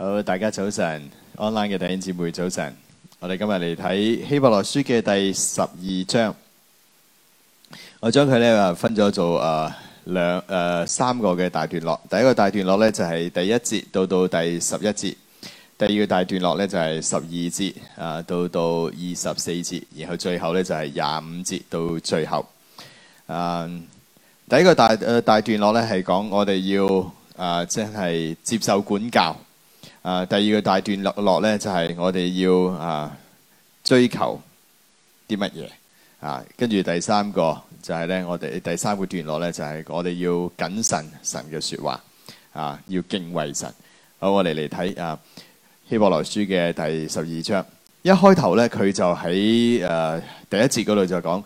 好，Hello, 大家早晨，online 嘅弟兄姊妹早晨。我哋今日嚟睇希伯來書嘅第十二章。我將佢咧啊分咗做啊、呃、兩誒、呃、三個嘅大段落。第一個大段落咧就係、是、第一節到到第十一節，第二個大段落咧就係、是、十二節啊、呃、到到二十四節，然後最後咧就係、是、廿五節到最後。啊、呃，第一個大誒、呃、大段落咧係講我哋要啊即係接受管教。啊，第二個大段落咧就係、是、我哋要啊追求啲乜嘢啊，跟住第三個就係咧，我哋第三個段落咧就係、是、我哋要謹慎神嘅説話啊，要敬畏神。好，我哋嚟睇啊希伯來書嘅第十二章，一開頭咧佢就喺誒、啊、第一節嗰度就講。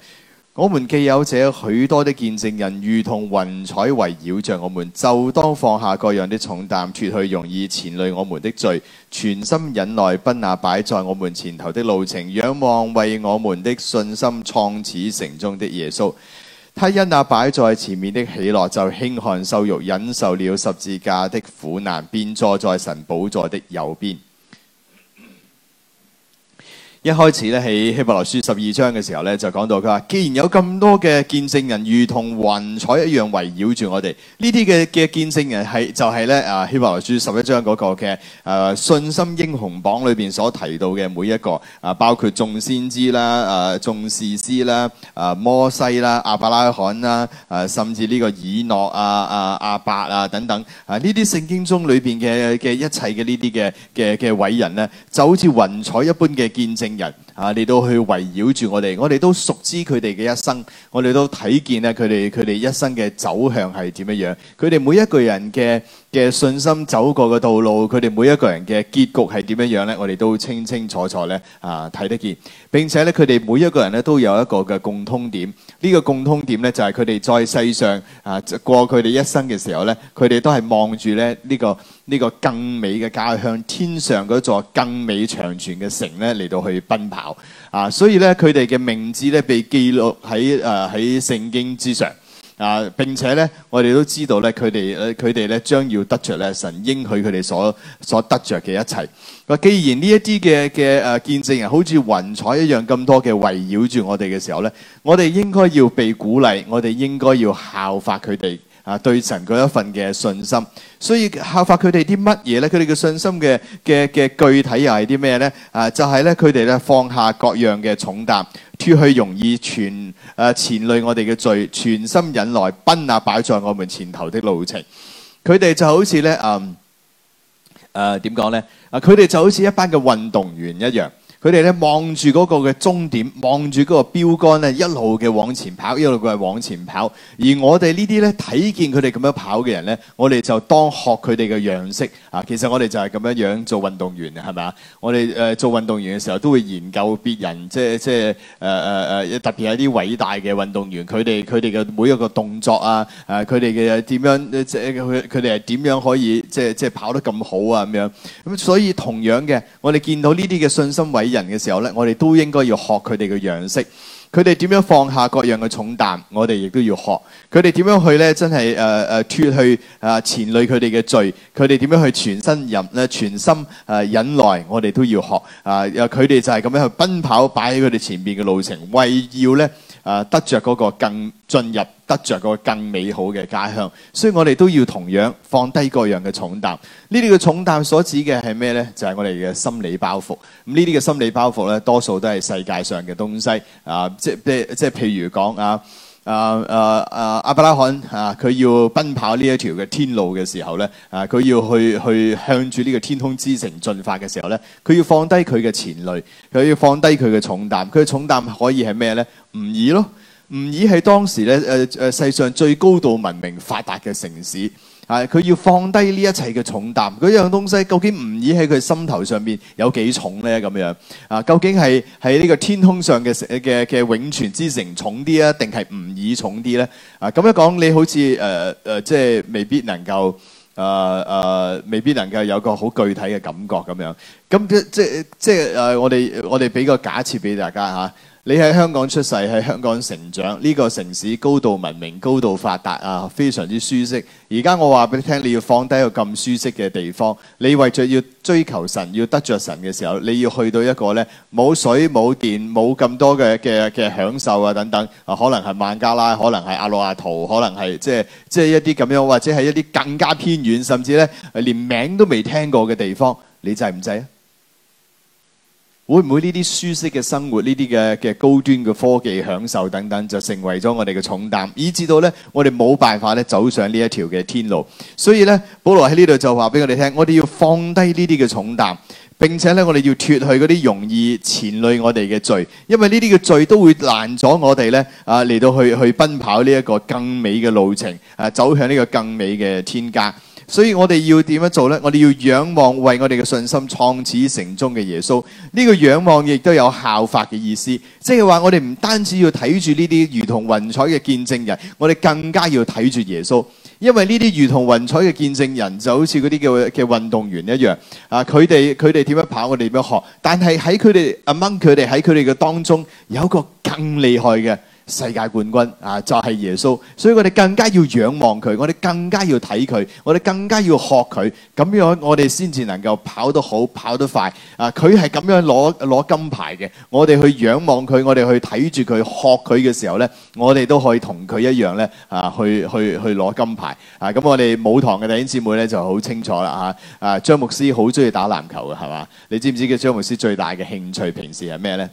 我們既有這許多的見證人，如同雲彩圍繞着我們，就當放下各樣的重擔，脫去容易纏累我們的罪，全心忍耐，不那擺在我們前頭的路程。仰望為我們的信心創始成終的耶穌，他因那擺在前面的喜樂，就輕看羞辱，忍受了十字架的苦難，便坐在神寶座的右邊。一開始咧，喺希伯來書十二章嘅時候咧，就講到佢話：既然有咁多嘅見證人，如同雲彩一樣圍繞住我哋，呢啲嘅嘅見證人係就係咧啊希伯來書十一章嗰個嘅誒、啊、信心英雄榜裏邊所提到嘅每一個啊，包括眾先知啦、誒、啊、眾士師啦、誒、啊、摩西啦、啊、亞伯拉罕啦、誒、啊、甚至呢個以諾啊、啊亞伯啊等等啊，呢啲聖經中裏邊嘅嘅一切嘅呢啲嘅嘅嘅偉人咧，就好似雲彩一般嘅見證。人啊，嚟到去圍繞住我哋，我哋都熟知佢哋嘅一生，我哋都睇見咧佢哋佢哋一生嘅走向係點樣樣，佢哋每一個人嘅嘅信心走過嘅道路，佢哋每一個人嘅結局係點樣樣咧，我哋都清清楚楚咧啊睇得見，並且咧佢哋每一個人咧都有一個嘅共通點，呢個共通點咧就係佢哋在世上啊過佢哋一生嘅時候咧，佢哋都係望住咧呢個。呢個更美嘅家鄉，天上嗰座更美長存嘅城咧，嚟到去奔跑啊！所以咧，佢哋嘅名字咧，被記錄喺誒喺聖經之上啊！並且咧，我哋都知道咧，佢哋佢哋咧將要得着咧神應許佢哋所所得着嘅一切。啊，既然呢一啲嘅嘅誒見證人好似雲彩一樣咁多嘅圍繞住我哋嘅時候咧，我哋應該要被鼓勵，我哋應該要效法佢哋。啊！對神嗰一份嘅信心，所以效法佢哋啲乜嘢咧？佢哋嘅信心嘅嘅嘅具體又係啲咩咧？啊，就係咧，佢哋咧放下各樣嘅重擔，脫去容易纏啊纏累我哋嘅罪，全心忍耐，奔啊擺在我們前頭的路程。佢哋就好似咧啊，誒點講咧？啊，佢哋就好似一班嘅運動員一樣。佢哋咧望住嗰個嘅終點，望住嗰個標杆咧，一路嘅往前跑，一路佢係往前跑。而我哋呢啲咧睇見佢哋咁樣跑嘅人咧，我哋就當學佢哋嘅樣式啊。其實我哋就係咁樣樣做運動員，係咪啊？我哋誒做運動員嘅、呃、時候都會研究別人，即係即係誒誒誒特別係啲偉大嘅運動員，佢哋佢哋嘅每一個動作啊，誒佢哋嘅點樣即係佢哋係點樣可以即係即係跑得咁好啊咁樣咁所以同樣嘅，我哋見到呢啲嘅信心偉。人嘅時候呢，我哋都應該要學佢哋嘅樣式，佢哋點樣放下各樣嘅重擔，我哋亦都要學。佢哋點樣去呢？真係誒誒，脫、呃、去啊、呃，纏累佢哋嘅罪，佢哋點樣去全身任咧，全心啊忍耐，我哋都要學啊！佢、呃、哋就係咁樣去奔跑，擺喺佢哋前面嘅路程，為要呢。啊！得着嗰個更進入，得著嗰個更美好嘅家鄉，所以我哋都要同樣放低各樣嘅重擔。呢啲嘅重擔所指嘅係咩呢？就係、是、我哋嘅心理包袱。咁呢啲嘅心理包袱呢，多數都係世界上嘅東西啊！即即譬如講啊。啊啊啊！啊，亞伯拉罕啊，佢要奔跑呢一條嘅天路嘅時候咧，啊，佢要去去向住呢個天空之城進發嘅時候咧，佢要放低佢嘅纏累，佢要放低佢嘅重擔，佢嘅重擔可以係咩咧？吾珥咯，吾珥係當時咧誒誒世上最高度文明發達嘅城市。啊！佢要放低呢一切嘅重擔，嗰樣東西究竟唔倚喺佢心頭上邊有幾重咧？咁樣啊，究竟係喺呢個天空上嘅嘅嘅永存之城重啲啊，定係唔倚重啲咧？啊咁樣講，你好似誒誒、呃呃，即係未必能夠誒誒、呃呃，未必能夠有個好具體嘅感覺咁樣。咁即即即誒、呃，我哋我哋俾個假設俾大家吓。啊你喺香港出世，喺香港成長，呢個城市高度文明、高度發達啊，非常之舒適。而家我話俾你聽，你要放低個咁舒適嘅地方，你為咗要追求神、要得着神嘅時候，你要去到一個呢冇水冇電冇咁多嘅享受啊等等啊，可能係孟加拉，可能係阿魯阿圖，可能係即係一啲咁樣，或者係一啲更加偏遠，甚至連名都未聽過嘅地方，你制唔制？會唔會呢啲舒適嘅生活，呢啲嘅嘅高端嘅科技享受等等，就成為咗我哋嘅重擔，以至到呢，我哋冇辦法咧走上呢一條嘅天路。所以呢，保羅喺呢度就話俾我哋聽，我哋要放低呢啲嘅重擔，並且呢，我哋要脫去嗰啲容易纏累我哋嘅罪，因為呢啲嘅罪都會難阻我哋呢啊嚟到去去奔跑呢一個更美嘅路程，啊走向呢個更美嘅天家。所以我哋要點樣做呢？我哋要仰望為我哋嘅信心創始成終嘅耶穌。呢個仰望亦都有效法嘅意思，即係話我哋唔單止要睇住呢啲如同雲彩嘅見證人，我哋更加要睇住耶穌。因為呢啲如同雲彩嘅見證人就好似嗰啲嘅嘅運動員一樣，啊，佢哋佢哋點樣跑，我哋點樣學。但係喺佢哋 among 佢哋喺佢哋嘅當中，有一個更厲害嘅。世界冠軍啊，就係耶穌，所以我哋更加要仰望佢，我哋更加要睇佢，我哋更加要學佢，咁樣我哋先至能夠跑得好，跑得快啊！佢係咁樣攞攞金牌嘅，我哋去仰望佢，我哋去睇住佢，學佢嘅時候呢，我哋都可以同佢一樣呢啊！去去去攞金牌啊！咁我哋舞堂嘅弟兄姊妹呢就好清楚啦嚇啊！張牧師好中意打籃球嘅係嘛？你知唔知嘅張牧師最大嘅興趣平時係咩呢？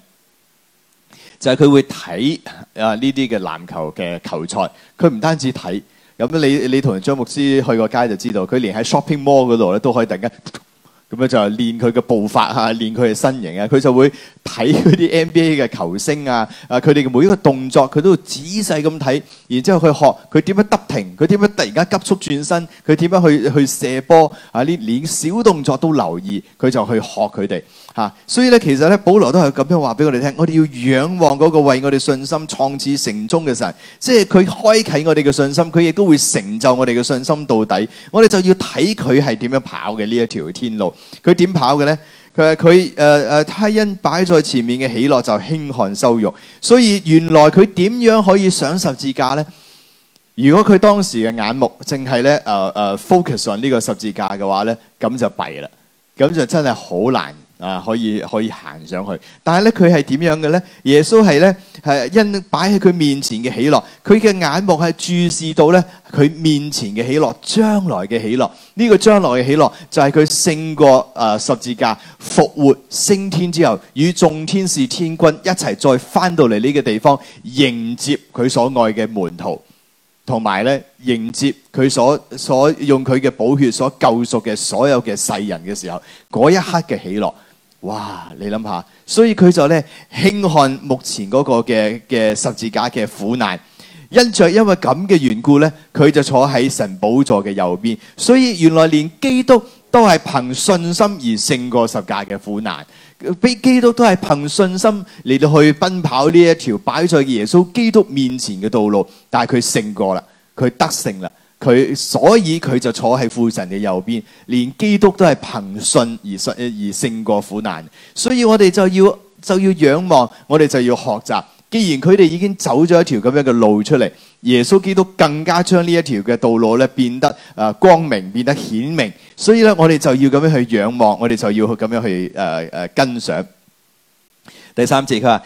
就係佢會睇啊呢啲嘅籃球嘅球賽，佢唔單止睇，咁你，你同張牧師去個街就知道，佢連喺 shopping mall 嗰度都可以突然間咁樣就練佢嘅步伐、啊、練佢嘅身形，佢就會。睇佢啲 NBA 嘅球星啊，啊佢哋嘅每一個動作，佢都仔細咁睇，然之後去學佢點樣得停，佢點樣突然間急速轉身，佢點樣去去射波啊！呢，連小動作都留意，佢就去學佢哋吓。所以咧，其實咧，保羅都係咁樣話俾我哋聽，我哋要仰望嗰個為我哋信心創始成終嘅神，即係佢開啟我哋嘅信心，佢亦都會成就我哋嘅信心到底。我哋就要睇佢係點樣跑嘅呢一條天路，佢點跑嘅呢？」他說他因擺、呃呃、在前面的喜樂就輕看羞辱，所以原來他怎樣可以上十字架呢？如果他當時的眼目淨係、呃呃、focus on 這個十字架的話呢，那就弊喇，那就真的好難啊，可以可以行上去，但係咧佢係點樣嘅呢？耶穌係呢，係因擺喺佢面前嘅喜樂，佢嘅眼目係注視到呢，佢面前嘅喜樂，將來嘅喜樂。呢個將來嘅喜樂就係佢勝過誒、呃、十字架復活升天之後，與眾天使天君一齊再翻到嚟呢個地方迎接佢所愛嘅門徒，同埋呢，迎接佢所所用佢嘅寶血所救贖嘅所有嘅世人嘅時候，嗰一刻嘅喜樂。哇！你諗下，所以佢就咧輕看目前嗰個嘅嘅十字架嘅苦難，因着因為咁嘅緣故咧，佢就坐喺神寶座嘅右邊。所以原來連基督都係憑信心而勝過十架嘅苦難，俾基督都係憑信心嚟到去奔跑呢一條擺在耶穌基督面前嘅道路。但係佢勝過啦，佢得勝啦。佢所以佢就坐喺父神嘅右邊，連基督都係憑信而信而勝過苦難。所以我哋就要就要仰望，我哋就要學習。既然佢哋已經走咗一條咁樣嘅路出嚟，耶穌基督更加將呢一條嘅道路咧變得光明，變得顯明。所以咧，我哋就要咁樣去仰望，我哋就要去咁樣去誒誒、呃呃、跟上。第三節佢話：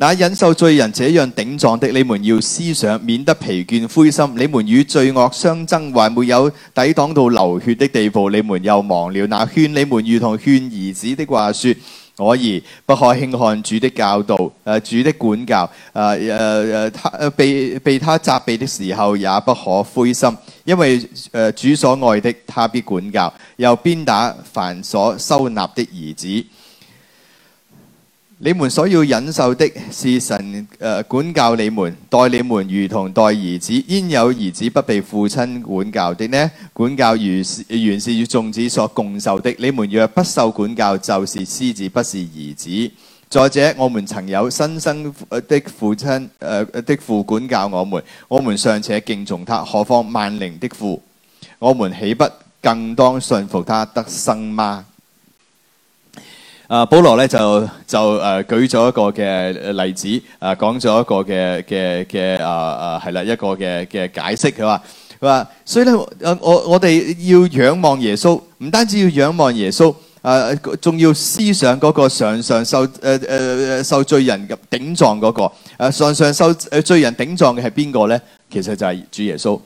嗱，忍受罪人這樣頂撞的，你們要思想，免得疲倦灰心。你們與罪惡相爭，還沒有抵擋到流血的地步，你們又忘了那勸你們如同勸兒子的話說：我兒，不可輕看主的教導，誒、呃，主的管教，誒誒誒，被被他責備的時候，也不可灰心，因為誒、呃，主所愛的，他必管教，又鞭打凡所收納的兒子。你們所要忍受的是神誒、呃、管教你們，待你們如同待兒子，焉有兒子不被父親管教的呢？管教如是，原是與眾子所共受的。你們若不受管教，就是私子不是兒子。再者，我們曾有新生的父親誒、呃、的父管教我們，我們尚且敬重他，何況萬靈的父？我們豈不更當信服他得生嗎？啊，保羅咧就就誒、啊、舉咗一個嘅例子，誒講咗一個嘅嘅嘅啊啊係啦，一個嘅嘅解釋佢話佢話，所以咧誒、啊、我我哋要仰望耶穌唔單止要仰望耶穌誒仲要思想嗰個上上受誒誒、啊、受罪人頂撞嗰、嗰個上上受誒罪人頂撞嘅係邊個咧？其實就係主耶穌。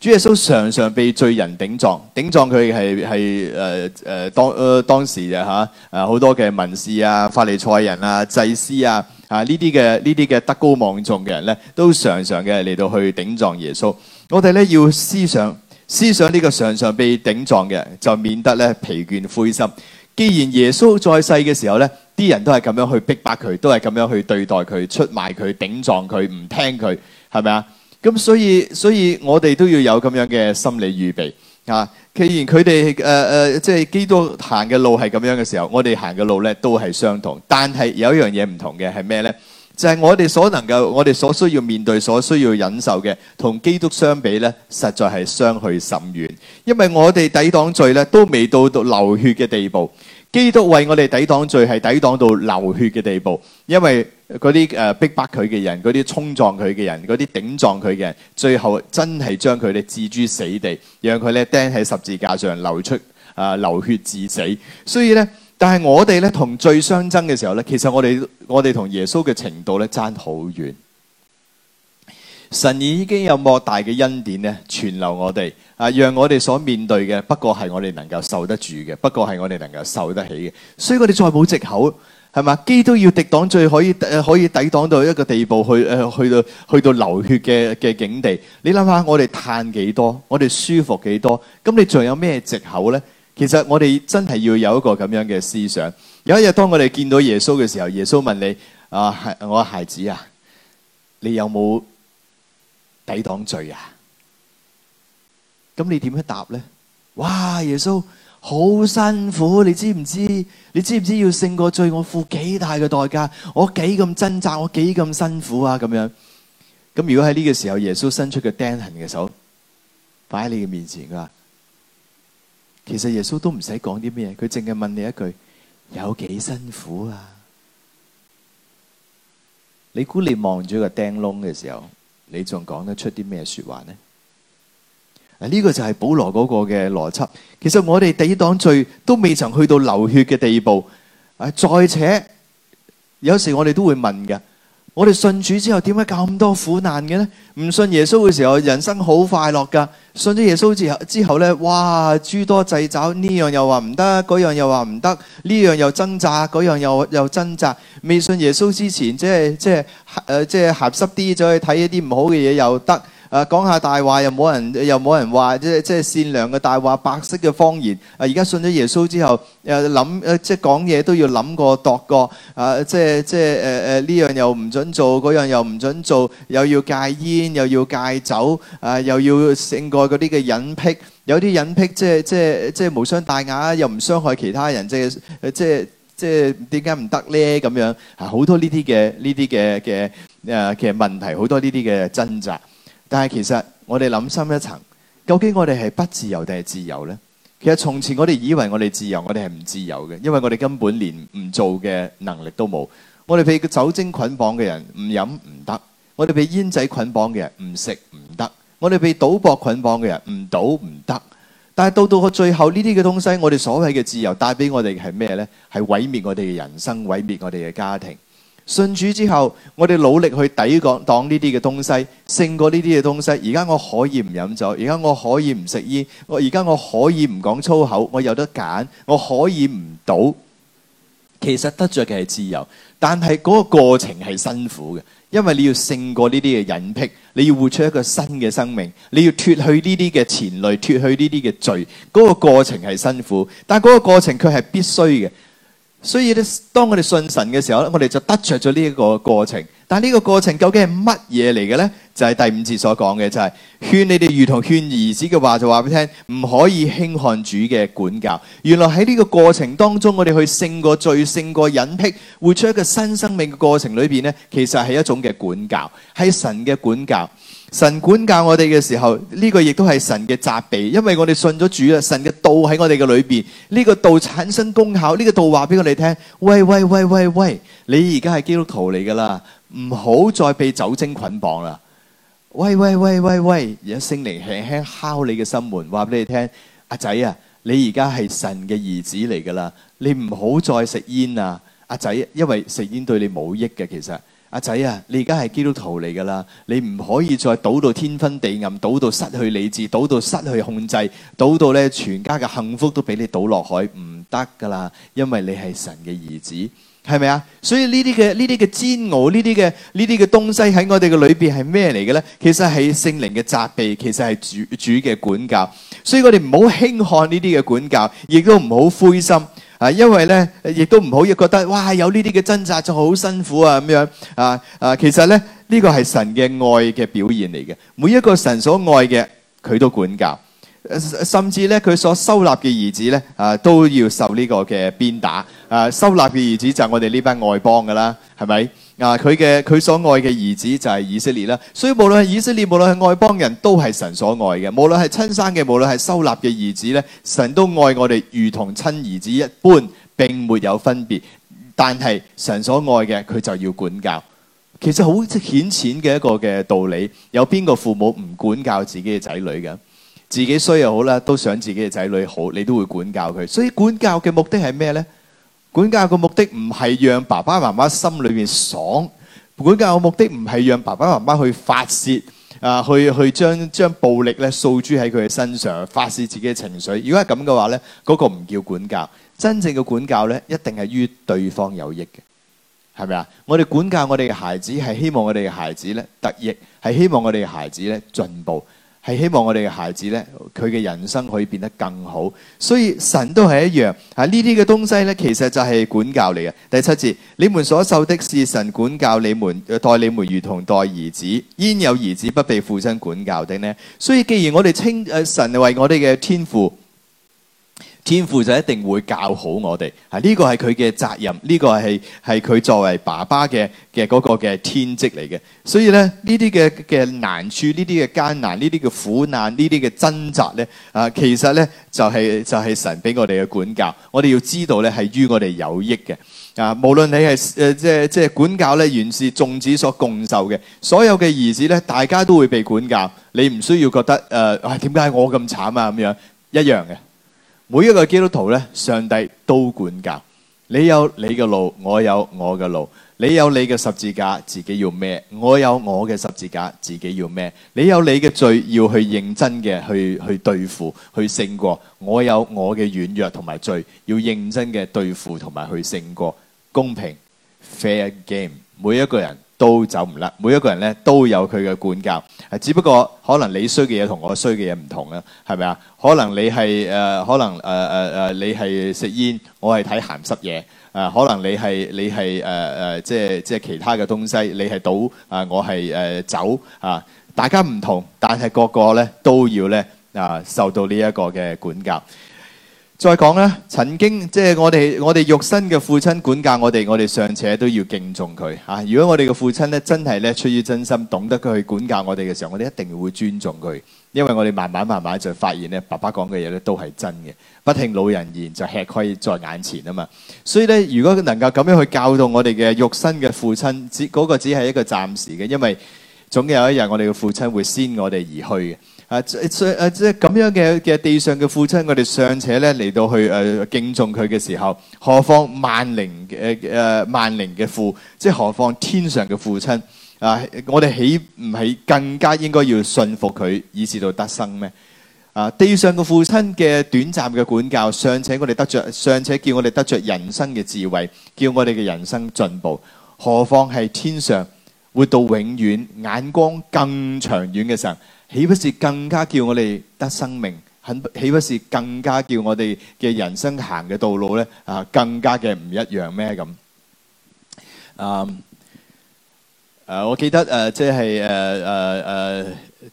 主耶穌常常被罪人頂撞，頂撞佢係係誒誒當誒、呃、當時嘅啊吓，誒好多嘅文士啊、法利賽人啊、祭司啊啊呢啲嘅呢啲嘅德高望重嘅人咧，都常常嘅嚟到去頂撞耶穌。我哋咧要思想思想呢個常常被頂撞嘅人，就免得咧疲倦灰心。既然耶穌在世嘅時候咧，啲人都係咁樣去逼迫佢，都係咁樣去對待佢、出賣佢、頂撞佢、唔聽佢，係咪啊？咁所以所以我哋都要有咁樣嘅心理預備啊！既然佢哋誒誒，即係基督行嘅路係咁樣嘅時候，我哋行嘅路咧都係相同，但係有一樣嘢唔同嘅係咩咧？就係我哋所能夠、我哋所需要面對、所需要忍受嘅，同基督相比咧，實在係相去甚遠。因為我哋抵擋罪咧，都未到到流血嘅地步。基督為我哋抵擋罪係抵擋到流血嘅地步，因為嗰啲誒逼迫佢嘅人，嗰啲衝撞佢嘅人，嗰啲頂撞佢嘅人，最後真係將佢哋置諸死地，讓佢咧釘喺十字架上流出誒流血致死。所以咧，但係我哋咧同罪相爭嘅時候咧，其實我哋我哋同耶穌嘅程度咧爭好遠。神已經有莫大嘅恩典咧，存留我哋啊，讓我哋所面對嘅不過係我哋能夠受得住嘅，不過係我哋能夠受得起嘅。所以我哋再冇藉口，係嘛，基督都要抵擋罪可以、呃、可以抵擋到一個地步去誒、呃、去到去到流血嘅嘅境地。你諗下，我哋嘆幾多，我哋舒服幾多，咁你仲有咩藉口呢？其實我哋真係要有一個咁樣嘅思想。有一日當我哋見到耶穌嘅時候，耶穌問你啊，我孩子啊，你有冇？抵擋罪啊！咁你點樣答呢？哇！耶穌好辛苦，你知唔知？你知唔知要勝過罪？我付幾大嘅代價？我幾咁掙扎？我幾咁辛苦啊？咁樣咁如果喺呢個時候耶穌伸出個釘痕嘅手，擺喺你嘅面前嘅話，其實耶穌都唔使講啲咩，佢淨係問你一句：有幾辛苦啊？你估你望住個釘窿嘅時候？你仲講得出啲咩説話呢？呢、啊呢個就係保羅嗰個嘅邏輯。其實我哋抵擋罪都未曾去到流血嘅地步。啊、再且有時候我哋都會問㗎。.我哋信主之後，點解咁多苦難嘅咧？唔信耶穌嘅時候，人生好快樂噶。信咗耶穌之後，之後咧，哇，諸多掣肘，呢樣又話唔得，嗰樣又話唔得，呢樣又掙扎，嗰樣又又掙扎。未信耶穌之前，即係即係誒，即係鹹濕啲，再去睇一啲唔好嘅嘢又得。啊！講下大話又冇人，又冇人話，即即善良嘅大話、白色嘅謊言。啊！而家信咗耶穌之後，又諗，即講嘢都要諗過、度過。啊！即即誒誒，呢樣又唔準做，嗰樣又唔準做，又要戒煙，又要戒酒，啊，又要勝過嗰啲嘅隱癖，有啲隱癖，即即即無傷大雅，又唔傷害其他人，即誒即即點解唔得咧？咁樣啊，好多呢啲嘅呢啲嘅嘅誒，其實問題好多呢啲嘅掙扎。但係其實我哋諗深一層，究竟我哋係不自由定係自由呢？其實從前我哋以為我哋自由，我哋係唔自由嘅，因為我哋根本連唔做嘅能力都冇。我哋被酒精捆綁嘅人唔飲唔得，我哋被煙仔捆綁嘅人唔食唔得，我哋被賭博捆綁嘅人唔賭唔得。但係到到最後呢啲嘅東西，我哋所謂嘅自由帶俾我哋係咩呢？係毀滅我哋嘅人生，毀滅我哋嘅家庭。信主之後，我哋努力去抵抗擋呢啲嘅東西，勝過呢啲嘅東西。而家我可以唔飲酒，而家我可以唔食煙，我而家我可以唔講粗口。我有得揀，我可以唔賭。其實得着嘅係自由，但係嗰個過程係辛苦嘅，因為你要勝過呢啲嘅引誘，你要活出一個新嘅生命，你要脱去呢啲嘅纏累，脱去呢啲嘅罪。嗰、那個過程係辛苦，但係嗰個過程佢係必須嘅。所以咧，當我哋信神嘅時候咧，我哋就得着咗呢一個過程。但係呢個過程究竟係乜嘢嚟嘅呢？就係第五節所講嘅，就係勸你哋如同勸兒子嘅話，就話俾你聽，唔可以輕看主嘅管教。原來喺呢個過程當中，我哋去勝過罪、勝過隱辟，活出一個新生命嘅過程裏邊呢，其實係一種嘅管教，係神嘅管教。神管教我哋嘅時候，呢個亦都係神嘅責備，因為我哋信咗主啦。神嘅道喺我哋嘅裏邊，呢個道產生功效，呢個道話俾我哋聽：喂喂喂喂喂，你而家係基督徒嚟噶啦，唔好再被酒精捆綁啦！喂喂喂喂喂，而家聖靈輕輕敲你嘅心門，話俾你聽：阿仔啊，你而家係神嘅兒子嚟噶啦，你唔好再食煙啊！阿仔，因為食煙對你冇益嘅，其實。阿仔啊，你而家係基督徒嚟噶啦，你唔可以再賭到天昏地暗，賭到失去理智，賭到失去控制，賭到咧全家嘅幸福都俾你倒落海，唔得噶啦！因為你係神嘅兒子，係咪啊？所以呢啲嘅呢啲嘅煎熬，呢啲嘅呢啲嘅東西喺我哋嘅裏邊係咩嚟嘅咧？其實係聖靈嘅責備，其實係主主嘅管教，所以我哋唔好輕看呢啲嘅管教，亦都唔好灰心。啊，因為咧，亦都唔好覺得，哇，有呢啲嘅掙扎就好辛苦啊，咁樣啊啊，其實咧，呢個係神嘅愛嘅表現嚟嘅。每一個神所愛嘅，佢都管教，啊，甚至咧佢所收納嘅兒子咧啊，都要受呢個嘅鞭打。啊，收納嘅兒子就係我哋呢班外邦噶啦，係咪？啊！佢嘅佢所愛嘅兒子就係以色列啦，所以無論係以色列，無論係外邦人都係神所愛嘅。無論係親生嘅，無論係收納嘅兒子咧，神都愛我哋如同親兒子一般，並沒有分別。但係神所愛嘅，佢就要管教。其實好顯淺嘅一個嘅道理，有邊個父母唔管教自己嘅仔女嘅？自己衰又好啦，都想自己嘅仔女好，你都會管教佢。所以管教嘅目的係咩呢？管教嘅目的唔係讓爸爸媽媽心裏面爽，管教嘅目的唔係讓爸爸媽媽去發洩，啊，去去將將暴力咧掃諸喺佢嘅身上，發洩自己嘅情緒。如果係咁嘅話咧，嗰、嗰個唔叫管教。真正嘅管教咧，一定係於對方有益嘅，係咪啊？我哋管教我哋嘅孩子，係希望我哋嘅孩子咧得益，係希望我哋嘅孩子咧進步。係希望我哋嘅孩子咧，佢嘅人生可以變得更好。所以神都係一樣啊！呢啲嘅東西咧，其實就係管教嚟嘅。第七節，你們所受的是神管教你們，待你們如同待兒子，焉有兒子不被父親管教的呢？所以既然我哋稱誒神為我哋嘅天父。天父就一定會教好我哋啊！呢個係佢嘅責任，呢個係係佢作為爸爸嘅嘅嗰個嘅天職嚟嘅。所以咧，呢啲嘅嘅難處，呢啲嘅艱難，呢啲嘅苦難，呢啲嘅掙扎咧啊，其實咧就係就係神俾我哋嘅管教。我哋要知道咧係於我哋有益嘅啊。無論你係誒即係即係管教咧，原是眾子所共受嘅，所有嘅兒子咧，大家都會被管教。你唔需要覺得誒，點解我咁慘啊？咁樣一樣嘅。每一個基督徒咧，上帝都管教。你有你嘅路，我有我嘅路。你有你嘅十字架，自己要孭。我有我嘅十字架，自己要孭。你有你嘅罪，要去認真嘅去去對付，去勝過。我有我嘅軟弱同埋罪，要認真嘅對付同埋去勝過。公平，Fair game，每一個人都走唔甩，每一個人咧都有佢嘅管教，係只不過可能你衰嘅嘢同我衰嘅嘢唔同啦，係咪啊？可能你係誒，可能誒誒誒，你係食煙，我係睇鹹濕嘢，誒可能你係你係誒誒，即係即係其他嘅東西，你係賭，啊我係誒酒，啊大家唔同，但係個個咧都要咧啊受到呢一個嘅管教。再講啦，曾經即係、就是、我哋我哋肉身嘅父親管教我哋，我哋尚且都要敬重佢啊！如果我哋嘅父親咧真係咧出於真心，懂得佢去管教我哋嘅時候，我哋一定會尊重佢，因為我哋慢慢慢慢就發現咧，爸爸講嘅嘢咧都係真嘅。不聽老人言，就吃虧在眼前啊嘛！所以咧，如果能夠咁樣去教導我哋嘅肉身嘅父親，只、那、嗰個只係一個暫時嘅，因為總有一日我哋嘅父親會先我哋而去嘅。啊！上啊，即係咁樣嘅嘅地上嘅父親，我哋尚且咧嚟到去誒、呃、敬重佢嘅時候，何況萬靈嘅誒萬靈嘅父，即係何況天上嘅父親啊！我哋豈唔係更加應該要信服佢，以至到得生咩啊？地上嘅父親嘅短暫嘅管教尚且我哋得着，尚且叫我哋得着人生嘅智慧，叫我哋嘅人生進步，何況係天上活到永遠眼光更長遠嘅時候。豈不是更加叫我哋得生命？很豈不是更加叫我哋嘅人生行嘅道路咧？啊，更加嘅唔一樣咩咁、嗯？啊，誒，我記得誒，即係誒誒誒，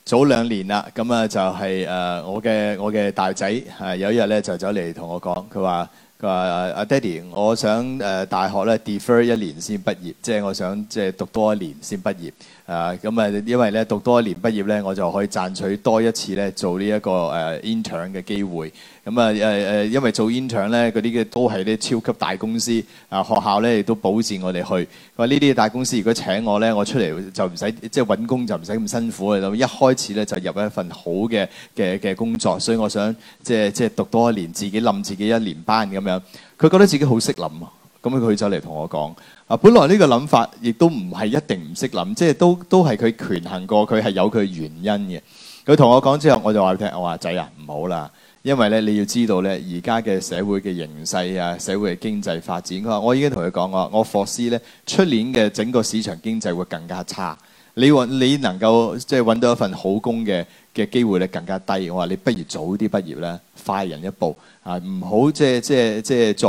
早兩年啦，咁、嗯就係、啊就係誒我嘅我嘅大仔係有一日咧就走嚟同我講，佢話佢話阿爹哋，我想誒大學咧 defer 一年先畢業，即、就、係、係、我想即係、就係、讀多一年先畢業。啊，咁啊，因為咧讀多一年畢業咧，我就可以賺取多一次咧做呢、這、一個誒 intern 嘅機會。咁啊誒誒、啊，因為做 intern 咧，嗰啲嘅都係啲超級大公司啊，學校咧亦都保證我哋去。佢話呢啲大公司如果請我咧，我出嚟就唔使即係揾工就唔使咁辛苦，就一開始咧就入一份好嘅嘅嘅工作。所以我想即係即係讀多一年，自己諗自己一年班咁樣。佢覺得自己好識諗啊！咁佢就嚟同我講，啊，本來呢個諗法亦都唔係一定唔識諗，即係都都係佢權衡過，佢係有佢原因嘅。佢同我講之後，我就話俾佢聽，我話仔啊，唔好啦，因為咧你要知道咧，而家嘅社會嘅形勢啊，社會嘅經濟發展，佢話我已經同佢講，我我霍斯咧，出年嘅整個市場經濟會更加差，你你能夠即係搵到一份好工嘅。嘅機會咧更加低，我話你不如早啲畢業啦，快人一步啊！唔好即係即係即係再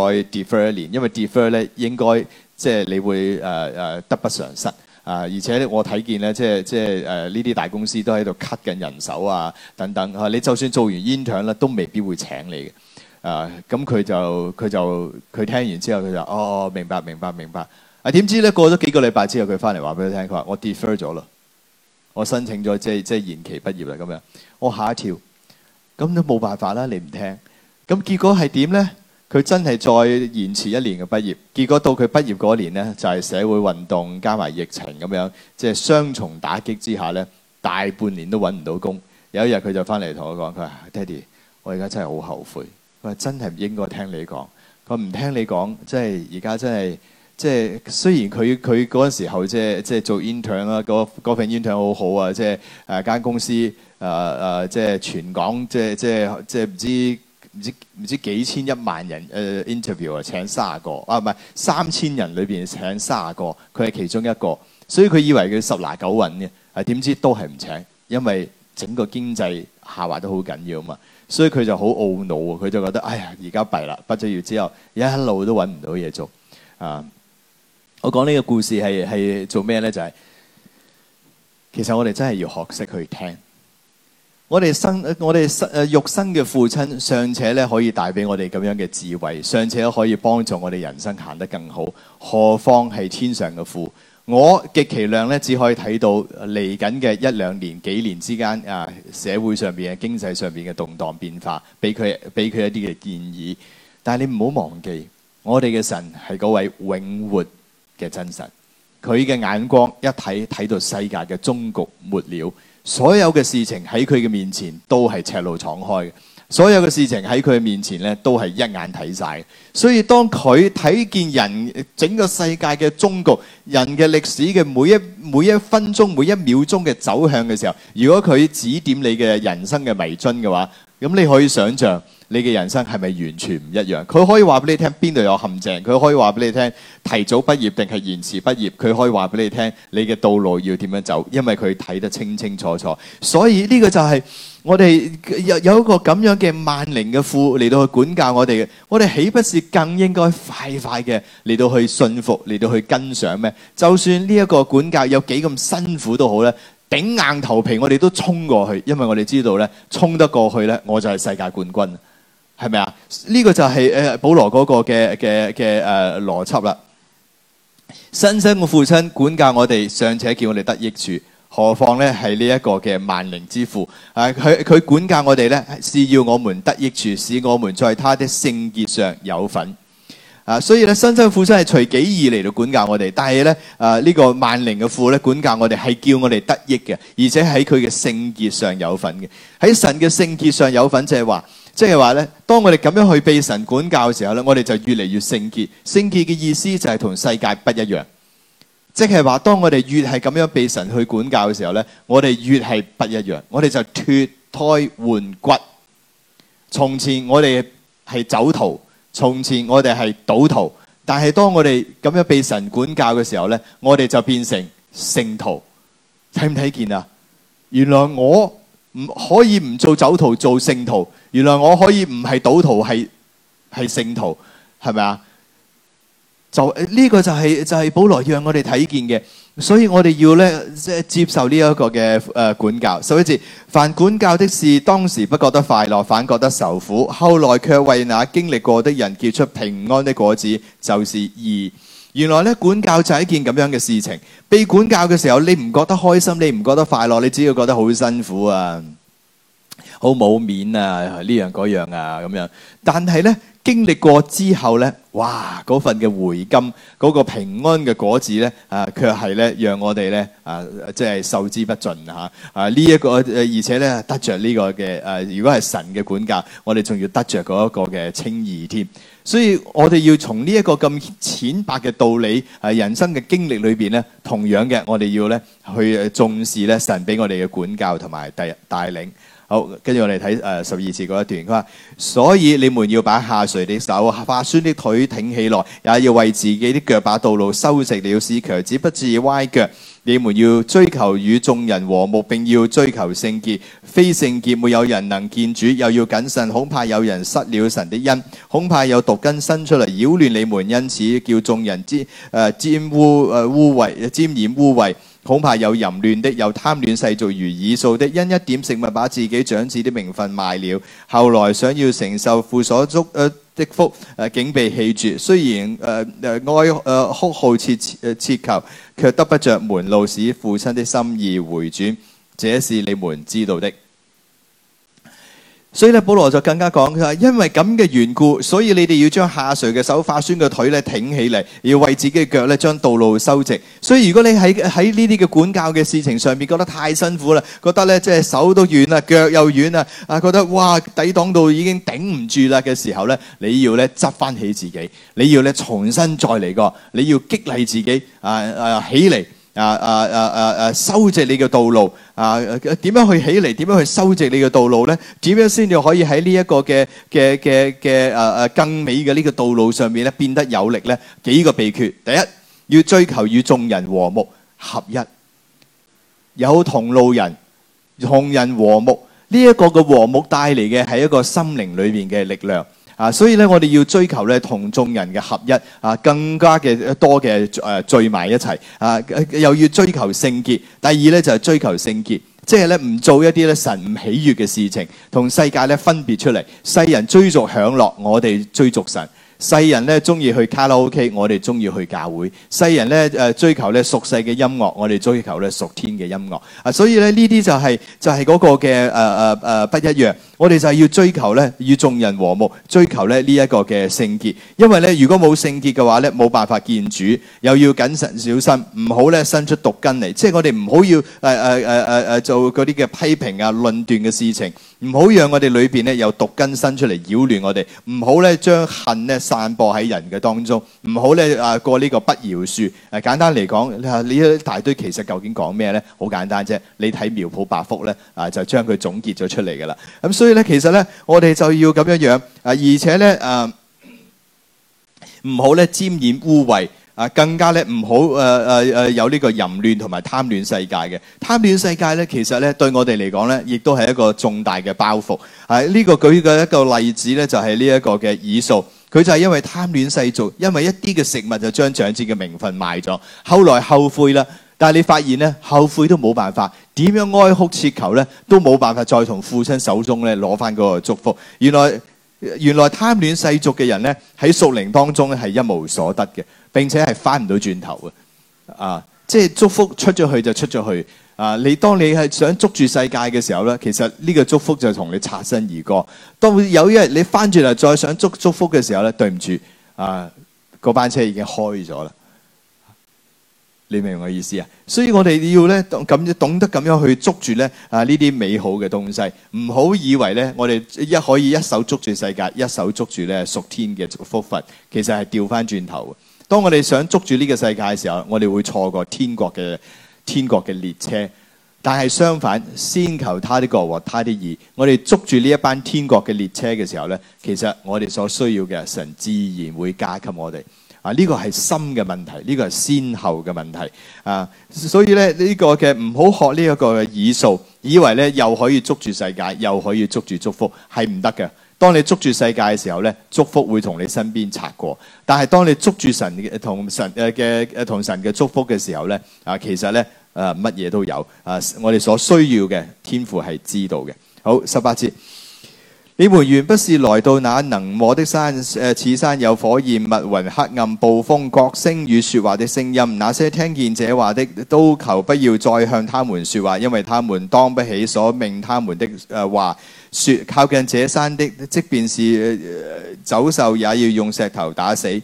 defer 一年，因為 defer 咧應該即係你會誒誒、啊、得不償失啊！而且我睇見咧即係即係誒呢啲大公司都喺度 cut 緊人手啊等等啊！你就算做完 intern 啦，都未必會請你嘅啊！咁佢就佢就佢聽完之後，佢就哦明白明白明白啊！點知咧過咗幾個禮拜之後，佢翻嚟話俾我聽，佢話我 defer 咗啦。我申請咗即係即係延期畢業啦咁樣。我下一條，咁都冇辦法啦，你唔聽。咁結果係點咧？佢真係再延遲一年嘅畢業。結果到佢畢業嗰年咧，就係社會運動加埋疫情咁樣，即係雙重打擊之下咧，大半年都揾唔到工。有一日佢就翻嚟同我講，佢話：爹哋，我而家真係好後悔。佢話真係唔應該聽你講。佢唔聽你講，即係而家真係。即係雖然佢佢嗰陣時候即係即係做 intern 啦，嗰份 intern 好好啊！即係誒間公司誒誒、呃、即係全港即係即係即係唔知唔知唔知幾千一萬人誒、呃、interview 啊，3，請卅個啊，唔係三千人裏邊請卅個，佢係其中一個，所以佢以為佢十拿九穩嘅，係、啊、點知都係唔請，因為整個經濟下滑得好緊要啊嘛，所以佢就好懊惱，佢就覺得哎呀而家弊啦，畢咗業之後一路都揾唔到嘢做啊。我講呢個故事係係做咩呢？就係其實我哋真係要學識去聽。我哋生我哋生誒，肉身嘅父親尚且咧可以帶俾我哋咁樣嘅智慧，尚且可以幫助我哋人生行得更好。何況係天上嘅父？我極其量咧只可以睇到嚟緊嘅一兩年、幾年之間啊，社會上邊嘅經濟上邊嘅動盪變化，俾佢俾佢一啲嘅建議。但係你唔好忘記，我哋嘅神係嗰位永活嘅真實，佢嘅眼光一睇睇到世界嘅終局沒了，所有嘅事情喺佢嘅面前都係赤露敞開嘅，所有嘅事情喺佢嘅面前呢都係一眼睇晒。所以當佢睇見人整個世界嘅終局，人嘅歷史嘅每一每一分鐘、每一秒鐘嘅走向嘅時候，如果佢指點你嘅人生嘅迷津嘅話，咁你可以想象。你嘅人生係咪完全唔一樣？佢可以話俾你聽邊度有陷阱，佢可以話俾你聽提早畢業定係延遲畢業，佢可以話俾你聽你嘅道路要點樣走，因為佢睇得清清楚楚。所以呢個就係我哋有，有一個咁樣嘅萬靈嘅父嚟到去管教我哋嘅，我哋豈不是更應該快快嘅嚟到去信服，嚟到去跟上咩？就算呢一個管教有幾咁辛苦都好呢，頂硬頭皮我哋都衝過去，因為我哋知道呢，衝得過去呢，我就係世界冠軍。係咪啊？呢、這個就係、是、誒、呃、保羅嗰個嘅嘅嘅誒邏輯啦。新生嘅父親管教我哋，尚且叫我哋得益處，何況咧，係呢一個嘅萬靈之父誒。佢、啊、佢管教我哋咧，是要我們得益處，使我們在他的聖潔上有份啊。所以咧，新生父親係隨己意嚟到管教我哋，但係咧誒呢、啊這個萬靈嘅父咧管教我哋係叫我哋得益嘅，而且喺佢嘅聖潔上有份嘅，喺神嘅聖潔上有份就係話。即係話咧，當我哋咁樣去被神管教嘅時候咧，我哋就越嚟越聖潔。聖潔嘅意思就係同世界不一樣。即係話，當我哋越係咁樣被神去管教嘅時候咧，我哋越係不一樣。我哋就脫胎換骨。從前我哋係酒徒，從前我哋係賭徒。但係當我哋咁樣被神管教嘅時候咧，我哋就變成聖徒。睇唔睇見啊？原來我。唔可以唔做走徒做聖徒，原來我可以唔係賭徒係係聖徒，係咪啊？就呢、這個就係、是、就係、是、保羅讓我哋睇見嘅，所以我哋要咧即係接受呢一個嘅誒、呃、管教。十一節，凡管教的事，當時不覺得快樂，反覺得愁苦，後來卻為那經歷過的人結出平安的果子，就是義。原來咧管教就係一件咁樣嘅事情，被管教嘅時候，你唔覺得開心，你唔覺得快樂，你只要覺得好辛苦啊，好冇面啊，呢樣嗰樣啊咁樣。但係咧經歷過之後咧，哇，嗰份嘅回甘，嗰個平安嘅果子咧，啊，卻係咧讓我哋咧啊，即係受之不盡啊！啊，呢一個，而且咧得着呢個嘅誒、啊，如果係神嘅管教，我哋仲要得着嗰一個嘅稱義添。所以我哋要從呢一個咁淺白嘅道理，人生嘅經歷裏面，同樣嘅，我哋要去重視神畀我哋嘅管教同埋帶領。好，跟住我哋睇誒十二字嗰一段，佢話所以你們要把下垂的手、發酸的腿挺起來，也要為自己的腳把道路修直了，使腳只不至於歪腳。你們要追求與眾人和睦，並要追求聖潔，非聖潔沒有人能見主。又要謹慎，恐怕有人失了神的恩，恐怕有毒根生出嚟擾亂你們，因此叫眾人沾污污穢，沾染污穢。呃恐怕有淫亂的，有貪戀世俗如以掃的，因一點食物把自己長子的名分賣了，後來想要承受父所祝呃的福，誒竟被棄絕。雖然誒誒哀誒哭號切切求，卻得不着門路使父親的心意回轉。這是你們知道的。所以咧，保羅就更加講佢話，因為咁嘅緣故，所以你哋要將下垂嘅手、發酸嘅腿咧挺起嚟，要為自己嘅腳咧將道路修直。所以如果你喺喺呢啲嘅管教嘅事情上面覺得太辛苦啦，覺得咧即係手都軟啦，腳又軟啦，啊覺得哇抵擋到已經頂唔住啦嘅時候咧，你要咧執翻起自己，你要咧重新再嚟過，你要激勵自己啊啊起嚟。啊啊啊啊啊！修、啊、直、啊啊、你嘅道路啊，點、啊、樣去起嚟？點樣去修直你嘅道路呢？點樣先至可以喺呢一個嘅嘅嘅嘅誒誒更美嘅呢個道路上面咧變得有力呢？幾個秘訣？第一要追求與眾人和睦合一，有同路人，同人和睦呢一、這個嘅和睦帶嚟嘅係一個心靈裏面嘅力量。啊，所以咧，我哋要追求咧同眾人嘅合一啊，更加嘅多嘅誒聚埋一齊啊，又要追求聖潔。第二咧就係追求聖潔，即係咧唔做一啲咧神唔喜悅嘅事情，同世界咧分別出嚟。世人追逐享樂，我哋追逐神；世人咧中意去卡拉 OK，我哋中意去教會；世人咧追求咧屬世嘅音樂，我哋追求咧屬天嘅音樂。啊，所以咧呢啲就係、是、就係、是、嗰個嘅誒誒不一樣。我哋就係要追求咧，與眾人和睦，追求咧呢一個嘅聖潔。因為咧，如果冇聖潔嘅話咧，冇辦法見主，又要謹慎小心，唔好咧生出毒根嚟。即、就、係、是、我哋唔好要誒誒誒誒誒做嗰啲嘅批評啊、論斷嘅事情，唔好讓我哋裏邊咧有毒根生出嚟擾亂我哋，唔好咧將恨咧散播喺人嘅當中，唔好咧啊過呢個不饒恕。誒、啊、簡單嚟講，呢、啊、一、這個、大堆其實究竟講咩咧？好簡單啫，你睇苗圃百福咧啊，就將佢總結咗出嚟噶啦。咁、啊、所以。所以咧，其實咧，我哋就要咁樣樣啊，而且咧，誒，唔好咧沾染污穢啊，更加咧唔好誒誒誒有呢個淫亂同埋貪戀世界嘅貪戀世界咧，其實咧對我哋嚟講咧，亦都係一個重大嘅包袱。喺、這、呢個舉嘅一個例子咧，佢就係呢一個嘅以掃，佢就係因為貪戀世俗，因為一啲嘅食物就將長子嘅名分賣咗，後來後悔啦。但係你發現咧，後悔都冇辦法，點樣哀哭切求咧，都冇辦法再從父親手中咧攞翻嗰個祝福。原來原來貪戀世俗嘅人咧，喺屬靈當中咧係一無所得嘅，並且係翻唔到轉頭嘅。啊，即係祝福出咗去就出咗去。啊，你當你係想捉住世界嘅時候咧，其實呢個祝福就同你擦身而過。當有一日你翻轉嚟再想捉祝福嘅時候咧，對唔住啊，嗰班車已經開咗啦。你明唔明我意思啊？所以我哋要咧咁懂得咁樣去捉住咧啊呢啲美好嘅東西，唔好以為咧我哋一可以一手捉住世界，一手捉住咧屬天嘅福分，其實係掉翻轉頭。當我哋想捉住呢個世界嘅時候，我哋會錯過天國嘅天國嘅列車。但係相反，先求他啲國和他啲義，我哋捉住呢一班天國嘅列車嘅時候咧，其實我哋所需要嘅神自然會加給我哋。啊！呢、這個係心嘅問題，呢、這個係先後嘅問題啊！所以咧呢、這個嘅唔好學呢一個嘅以掃，以為咧又可以捉住世界，又可以捉住祝福，係唔得嘅。當你捉住世界嘅時候咧，祝福會同你身邊擦過。但係當你捉住神嘅同神嘅嘅同神嘅祝福嘅時候咧，啊，其實咧啊，乜嘢都有啊！我哋所需要嘅天父係知道嘅。好，十八節。你們原不是來到那能摸的山，誒，此山有火焰、密雲、黑暗、暴風、角聲與說話的聲音。那些聽見這話的，都求不要再向他們說話，因為他們當不起所命他們的誒話、啊。說靠近這山的，即便是、呃、走獸，也要用石頭打死。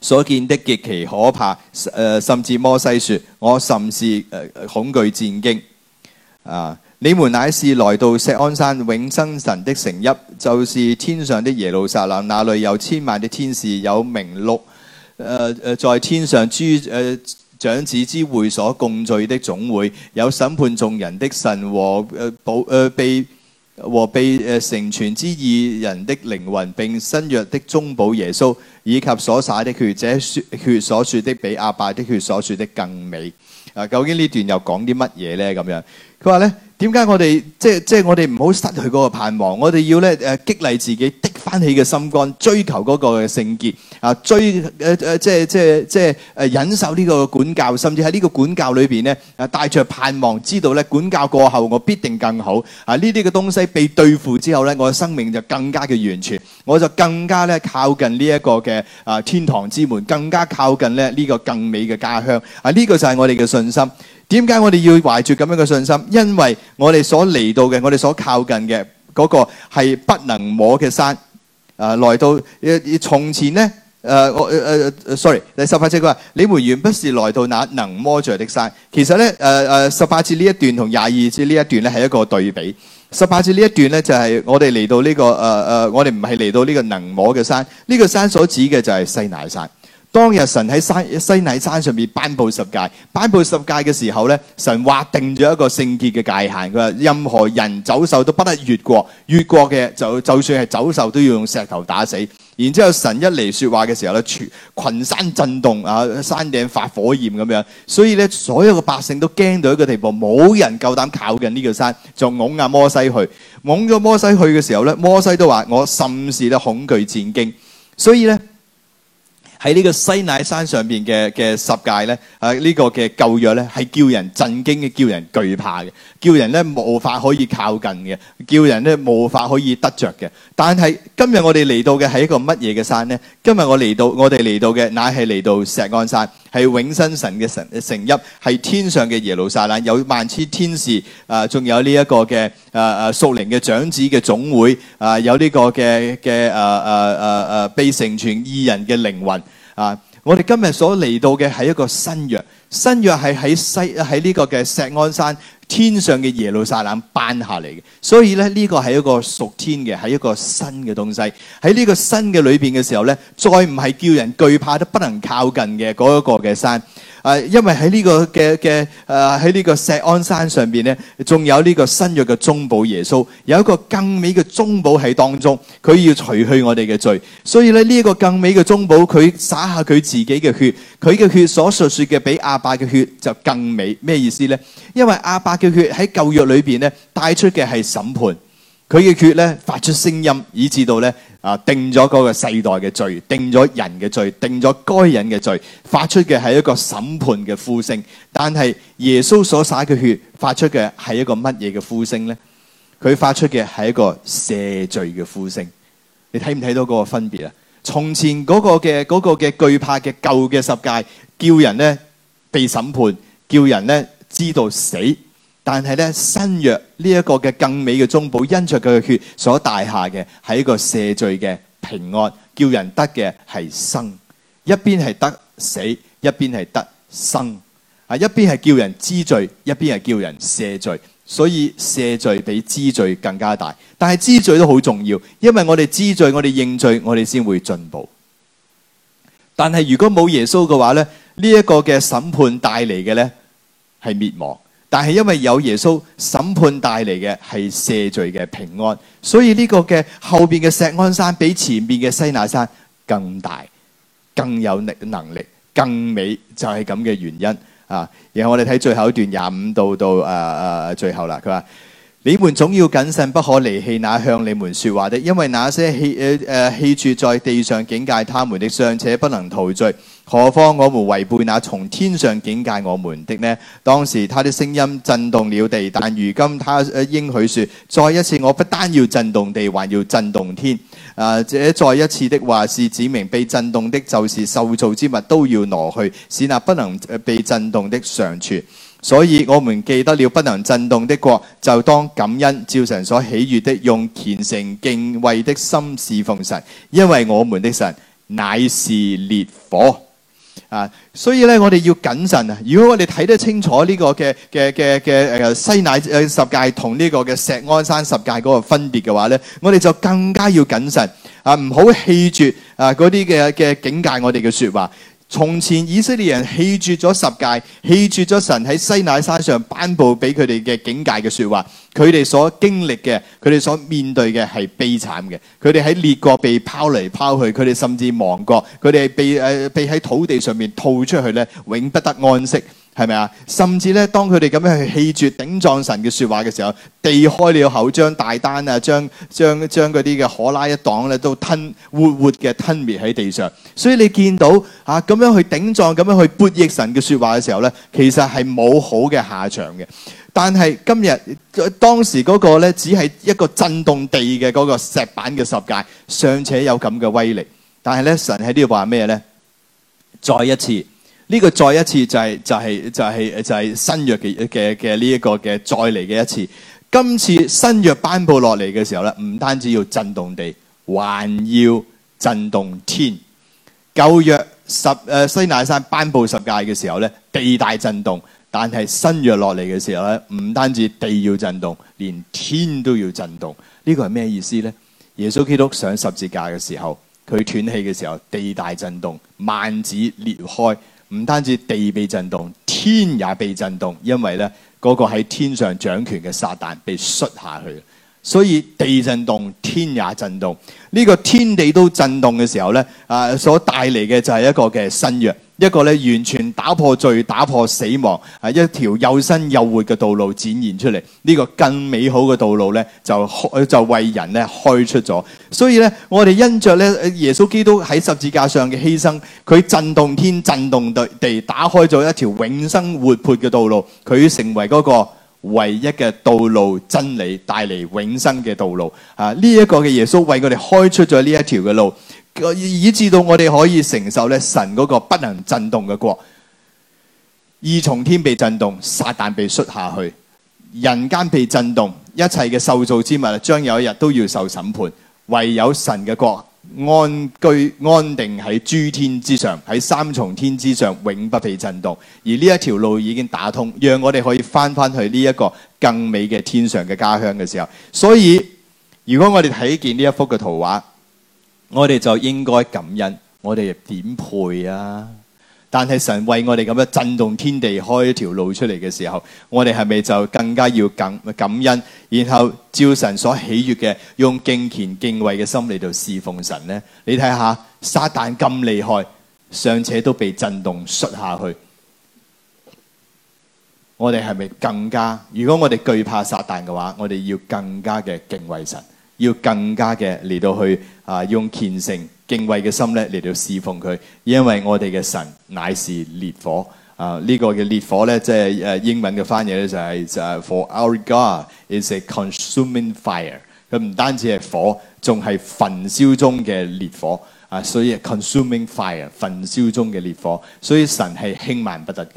所見的極其可怕，誒、呃，甚至摩西說：我甚是誒、呃、恐懼戰驚，啊。你們乃是來到錫安山永生神的城邑，就是天上的耶路撒冷，那裏有千萬的天使，有名錄、呃呃，在天上諸誒、呃、長子之會所共聚的總會，有審判眾人的神和、呃、保被、呃、和被、呃、成全之義人的靈魂，並新約的中保耶穌，以及所灑的血，這血所說的比亞伯的血所說的更美。啊、究竟呢段又講啲乜嘢呢？咁樣，佢話咧。點解我哋即係即係我哋唔好失去嗰個盼望？我哋要咧，誒激勵自己，滴翻起嘅心肝，追求嗰個嘅聖潔啊，追誒誒、呃、即係即係即係誒忍受呢個管教，甚至喺呢個管教裏邊咧，啊，帶着盼望，知道咧管教過後我必定更好啊！呢啲嘅東西被對付之後咧，我嘅生命就更加嘅完全，我就更加咧靠近呢一個嘅啊天堂之門，更加靠近咧呢、這個更美嘅家鄉啊！呢、這個就係我哋嘅信心。點解我哋要懷住咁樣嘅信心？因為我哋所嚟到嘅，我哋所靠近嘅嗰，那個係不能摸嘅山。啊、呃，來到，從前咧，誒、呃，誒、呃、，sorry，第十八節佢話：你們原不是來到那能摸着的山。其實咧，誒、呃、誒，十八節呢一段同廿二節呢一段咧係一個對比。十八節呢一段咧就係我哋嚟到呢，這個誒誒、呃，我哋唔係嚟到呢個能摸嘅山，呢，這個山所指嘅就係西乃山。當日神喺西奈山上面頒布十誡，頒布十誡嘅時候咧，神劃定咗一個聖潔嘅界限，佢話任何人走獸都不得越過，越過嘅，就就算係走獸都要用石頭打死。然之後神一嚟說話嘅時候咧，全群山震動啊，山頂發火焰咁樣，所以咧，所有嘅百姓都驚到一個地步，冇人夠膽靠近呢個山，就㧬阿摩西去。㧬咗摩西去嘅時候咧，摩西都話我甚是咧恐懼戰驚，所以咧。喺呢個西奈山上邊嘅嘅十戒呢，啊、這、呢個嘅舊約呢，係叫人震驚嘅，叫人懼怕嘅。叫人咧無法可以靠近嘅，叫人咧無法可以得着嘅。但係今日我哋嚟到嘅係一個乜嘢嘅山咧？今日我嚟到，到，我哋嚟到嘅乃係嚟到錫安山，係永生神嘅神嘅城邑，係天上嘅耶路撒冷，有萬千天使啊，仲有呢一個嘅啊啊，屬靈嘅長子嘅總會啊，有呢個嘅嘅啊啊啊啊，被成全義人嘅靈魂啊。我哋今日所嚟到嘅係一個新約，新約係喺西喺呢個嘅錫安山。天上嘅耶路撒冷搬下嚟嘅，所以咧呢個係一個屬天嘅，係一個新嘅東西。喺呢個新嘅裏邊嘅時候咧，再唔係叫人懼怕得不能靠近嘅嗰一個嘅山啊，呃，因為喺呢個嘅嘅誒喺呢個錫安山上邊咧，仲有呢個新約嘅中保耶穌，有一個更美嘅中保喺當中，佢要除去我哋嘅罪，所以咧呢一個更美嘅中保佢灑下佢自己嘅血，佢嘅血所述說嘅比亞伯嘅血就更美，咩意思咧？因為亞伯嘅血喺舊約裏邊咧帶出嘅係審判，佢嘅血咧發出聲音，以至到咧啊定咗嗰個世代嘅罪，定咗人嘅罪，定咗該人嘅罪，發出嘅係一個審判嘅呼聲。但係耶穌所灑嘅血發出嘅係一個乜嘢嘅呼聲咧？佢發出嘅係一個赦罪嘅呼聲。你睇唔睇到嗰個分別啊？從前嗰個嘅嗰個嘅懼怕嘅舊嘅十誡，叫人咧被審判，叫人咧。知道死，但係咧新約呢一個嘅更美嘅中保，因着佢嘅血所帶下嘅係一個赦罪嘅平安，叫人得嘅係生。一邊係得死，一邊係得生啊！一邊係叫人知罪，一邊係叫，叫人赦罪，所以赦罪比知罪更加大。但係知罪都好重要，因為我哋知罪，我哋認罪，我哋先會進步。但係如果冇耶穌嘅話咧，呢、這、一個嘅審判帶嚟嘅咧。係滅亡，但係因為有耶穌審判帶嚟嘅係赦罪嘅平安，所以呢個嘅後邊嘅錫安山比前面嘅西那山更大，更有力能力，更美，就係咁嘅原因啊！然後我哋睇最後一段廿五到到，誒誒、啊啊、最後啦，佢話，你們總要謹慎，不可離棄那向你們說話的，因為那些棄誒誒棄絕在地上警戒他們的，尚且不能逃罪。何況我們違背那從天上警戒我們的呢？當時他的聲音震動了地，但如今他應許說：再一次，我不單要震動地，還要震動天。啊、呃，這再一次的話是指明被震動的就是受造之物都要挪去，使那不能被震動的常存。所以我們記得了不能震動的國，就當感恩照神所喜悅的，用虔誠敬畏的心侍奉神，因為我們的神乃是烈火。啊，所以咧，我哋要謹慎啊！如果我哋睇得清楚呢個嘅嘅嘅嘅誒西乃誒十戒同呢個嘅錫安山十戒嗰個分別嘅話咧，我哋就更加要謹慎啊！唔好棄絕啊嗰啲嘅嘅境界，我哋嘅説話。從前以色列人棄絕咗十戒，棄絕咗神喺西乃山上頒布俾佢哋嘅警戒嘅説話，佢哋所經歷嘅，佢哋所面對嘅係悲慘嘅。佢哋喺列國被拋嚟拋去，佢哋甚至亡國，佢哋係被、呃、被喺土地上面吐出去呢，永不得安息。係咪啊？甚至咧，當佢哋咁樣去棄絕頂撞神嘅說話嘅時候，地開了口，將大丹啊，將將將嗰啲嘅可拉一黨咧，都吞活活嘅吞滅喺地上。所以你見到啊，咁樣去頂撞，咁樣去悖逆神嘅說話嘅時候咧，其實係冇好嘅下場嘅。但係今日當時嗰個咧，只係一個震動地嘅嗰個石板嘅十誡，尚且有咁嘅威力。但係咧，神喺呢度話咩咧？再一次。呢個再一次就係、是、就係、是、就係、是、就係、是、新約嘅嘅嘅呢一個嘅再嚟嘅一次。今次新約頒布落嚟嘅時候咧，唔單止要震動地，還要震動天。舊約十誒、呃、西乃山頒布十戒嘅時候咧，地大震動，但係新約落嚟嘅時候咧，唔單止地要震動，連天都要震動。呢、這個係咩意思咧？耶穌基督上十字架嘅時候，佢斷氣嘅時候，地大震動，幔子裂開。唔單止地被震動，天也被震動，因為呢那個個喺天上掌權嘅撒旦被摔下去，所以地震動，天也震動。呢、這個天地都震動嘅時候呢，啊、呃、所帶嚟嘅就係一個嘅新約。一個咧，完全打破罪、打破死亡，啊，一條又新又活嘅道路展現出嚟。呢、這個更美好嘅道路咧，就就為人咧開出咗。所以咧，我哋因着咧耶穌基督喺十字架上嘅犧牲，佢震動天、震動地，地打開咗一條永生活潑嘅道路。佢成為嗰個唯一嘅道路真理，帶嚟永生嘅道路。啊，呢一個嘅耶穌為佢哋開出咗呢一條嘅路。以至到我哋可以承受咧神嗰個不能震動嘅國，二重天被震動，撒旦被摔下去，人間被震動，一切嘅受造之物將有一日都要受審判。唯有神嘅國安居安定喺諸天之上，喺三重天之上，永不被震動。而呢一條路已經打通，讓我哋可以翻翻去呢一個更美嘅天上嘅家鄉嘅時候。所以如果我哋睇見呢一幅嘅圖畫。我哋就應該感恩，我哋點配啊？但係神為我哋咁樣震動天地，開一條路出嚟嘅時候，我哋係咪就更加要感感恩？然後照神所喜悦嘅，用敬虔敬畏嘅心嚟到侍奉神呢？你睇下，撒旦咁厲害，尚且都被震動摔下去，我哋係咪更加？如果我哋懼怕撒旦嘅話，我哋要更加嘅敬畏神。要更加嘅嚟到去啊，用虔誠敬畏嘅心咧嚟到侍奉佢，因為我哋嘅神乃是烈火啊。呢、這個嘅烈火咧，即係誒、啊、英文嘅翻譯咧、就是，就係就係 For our God is a consuming fire。佢唔單止係火，仲係焚燒中嘅烈火啊，所以係 consuming fire 焚燒中嘅烈火，所以神係輕慢不得嘅。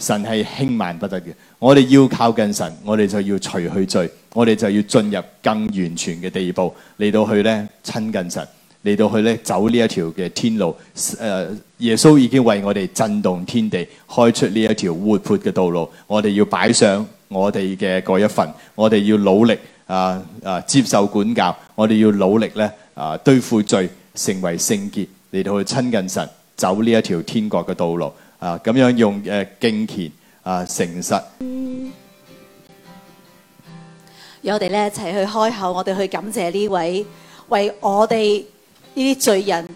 神係輕慢不得嘅，我哋要靠近神，我哋就要除去罪，我哋就要進入更完全嘅地步，嚟到去咧親近神，嚟到去咧走呢一條嘅天路。誒、啊，耶穌已經為我哋震動天地，開出呢一條活潑嘅道路。我哋要擺上我哋嘅嗰一份，我哋要努力啊啊，接受管教，我哋要努力咧啊，對付罪，成為聖潔，嚟到去親近神，走呢一條天國嘅道路。啊，咁樣用誒、啊、敬虔啊誠實，有我哋咧一齊去開口，我哋去感謝呢位為我哋呢啲罪人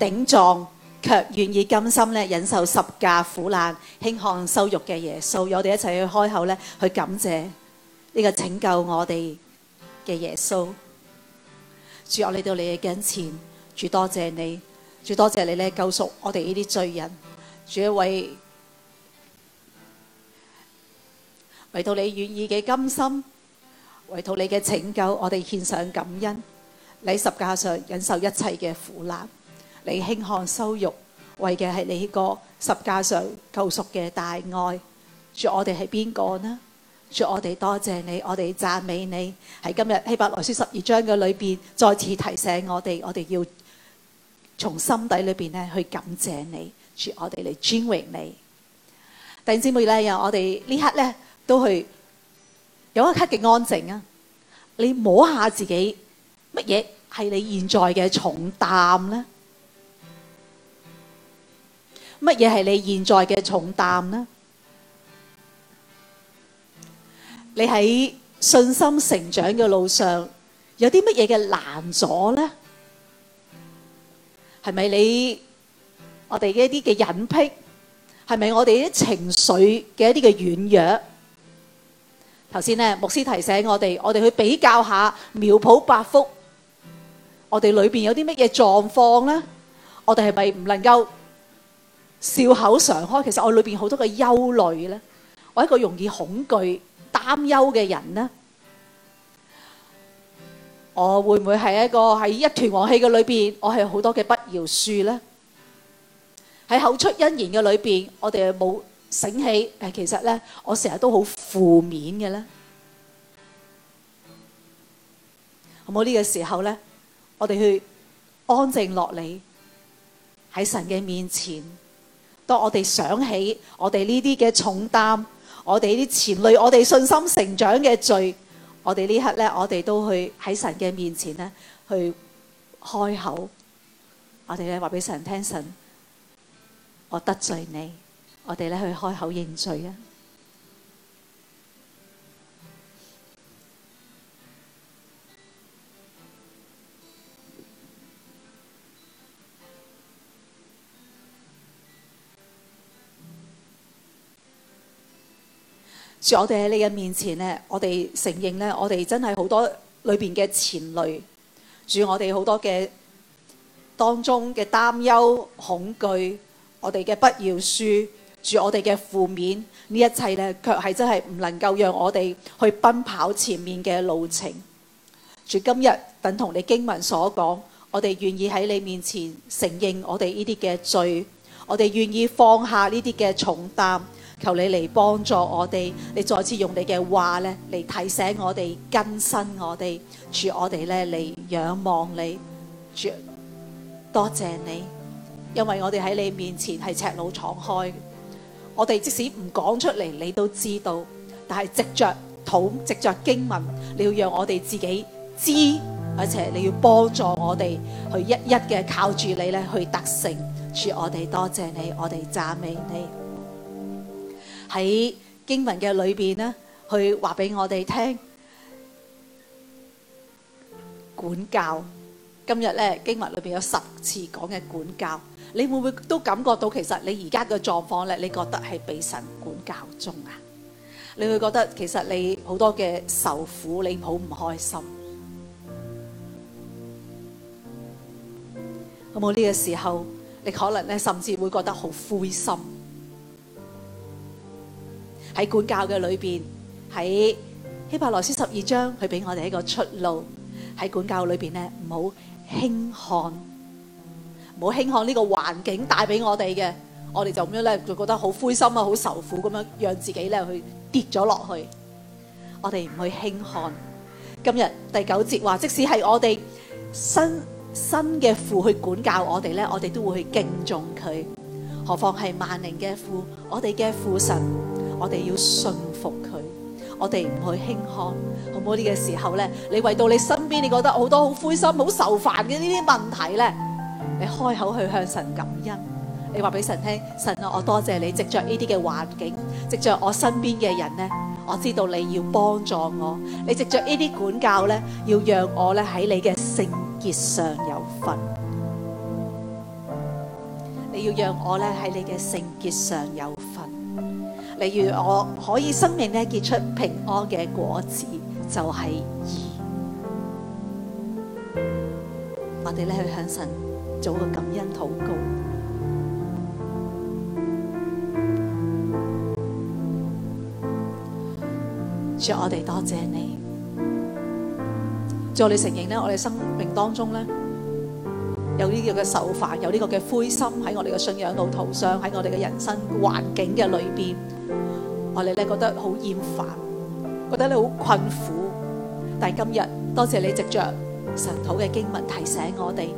頂撞，卻願意甘心咧忍受十架苦難、輕看羞辱嘅耶穌。有我哋一齊去開口咧去感謝呢個拯救我哋嘅耶穌。主，我嚟到你嘅跟前，主多謝你，主多謝你咧救贖我哋呢啲罪人。主啊，為唯到你願意嘅甘心，唯到你嘅拯救，我哋獻上感恩。你十架上忍受一切嘅苦難，你輕看羞辱，為嘅係你個十架上救贖嘅大愛。主，我哋係邊個呢？主，我哋多謝你，我哋讚美你。喺今日希伯來書十二章嘅裏邊，再次提醒我哋，我哋要從心底裏面去感謝你。住我哋嚟尊榮你，弟兄姊妹咧，我哋呢刻咧都去有一刻嘅安靜啊！你摸下自己，乜嘢係你現在嘅重擔咧？乜嘢係你現在嘅重擔咧？你喺信心成長嘅路上有啲乜嘢嘅難阻咧？係咪你？我哋嘅一啲嘅隱癖，係咪我哋啲情緒嘅一啲嘅軟弱？頭先咧，牧師提醒我哋，我哋去比較一下苗圃百福，我哋裏邊有啲乜嘢狀況咧？我哋係咪唔能夠笑口常開？其實我裏邊好多嘅憂慮咧，我一個容易恐懼、擔憂嘅人咧，我會唔會係一個喺一團和氣嘅裏邊，我係好多嘅不饒恕咧？喺口出恩言嘅裏邊，我哋冇醒起誒，其實咧，我成日都好負面嘅咧。好冇呢、這個時候咧，我哋去安靜落嚟，喺神嘅面前，當我哋想起我哋呢啲嘅重擔，我哋呢啲纏累我哋信心成長嘅罪，我哋呢刻咧，我哋都去喺神嘅面前咧，去開口，我哋咧話俾神聽神。我得罪你，我哋去開口認罪啊、嗯！主，我哋喺你嘅面前，我哋承認我哋真係好多裏面嘅纏累。主，我哋好多嘅當中嘅擔憂、恐懼。我哋嘅不要輸，住我哋嘅負面呢一切呢，卻係真係唔能夠讓我哋去奔跑前面嘅路程。主今日等同你經文所講，我哋願意喺你面前承認我哋呢啲嘅罪，我哋願意放下呢啲嘅重擔，求你嚟幫助我哋，你再次用你嘅話呢嚟提醒我哋更新我哋，住我哋呢嚟仰望你，主，多謝你。因為我哋喺你面前係赤露敞開，我哋即使唔講出嚟，你都知道。但係藉着土，藉着經文，你要讓我哋自己知，而且你要幫助我哋去一一嘅靠住你咧去達成。主，我哋多謝你，我哋讚美你。喺經文嘅裏邊呢，去話俾我哋聽管教。今日咧經文裏邊有十次講嘅管教。你會唔會都感覺到其實你而家嘅狀況咧，你覺得係俾神管教中啊？你會覺得其實你好多嘅受苦，你好唔開心。咁冇呢個時候，你可能咧甚至會覺得好灰心。喺管教嘅裏邊，喺希伯來書十二章，佢俾我哋一個出路。喺管教裏邊咧，唔好輕看。唔好輕看呢個環境帶俾我哋嘅，我哋就咁樣咧，就覺得好灰心啊，好受苦咁樣，讓自己咧去跌咗落去。我哋唔去輕看。今日第九節話，即使係我哋新新嘅父去管教我哋咧，我哋都會去敬重佢。何況係萬靈嘅父，我哋嘅父神，我哋要信服佢。我哋唔去輕看，好唔好？呢個時候咧，你圍到你身邊，你覺得好多好灰心、好受煩嘅呢啲問題咧。你開口去向神感恩，你話俾神聽，神啊，我多謝你，藉着呢啲嘅環境，藉着我身邊嘅人呢。我知道你要幫助我，你藉着呢啲管教咧，要讓我咧喺你嘅聖潔上有份。你要讓我咧喺你嘅聖潔上有份。例如我可以生命咧結出平安嘅果子，就係義，我哋咧去向神。做個感恩禱告，說：我哋多謝你，叫我哋承認咧，我哋生命當中咧有呢個嘅受罰，有呢個嘅灰心喺我哋嘅信仰路途上，喺我哋嘅人生環境嘅裏邊，我哋咧覺得好厭煩，覺得咧好困苦。但係今日多謝你藉着神土嘅經文提醒我哋。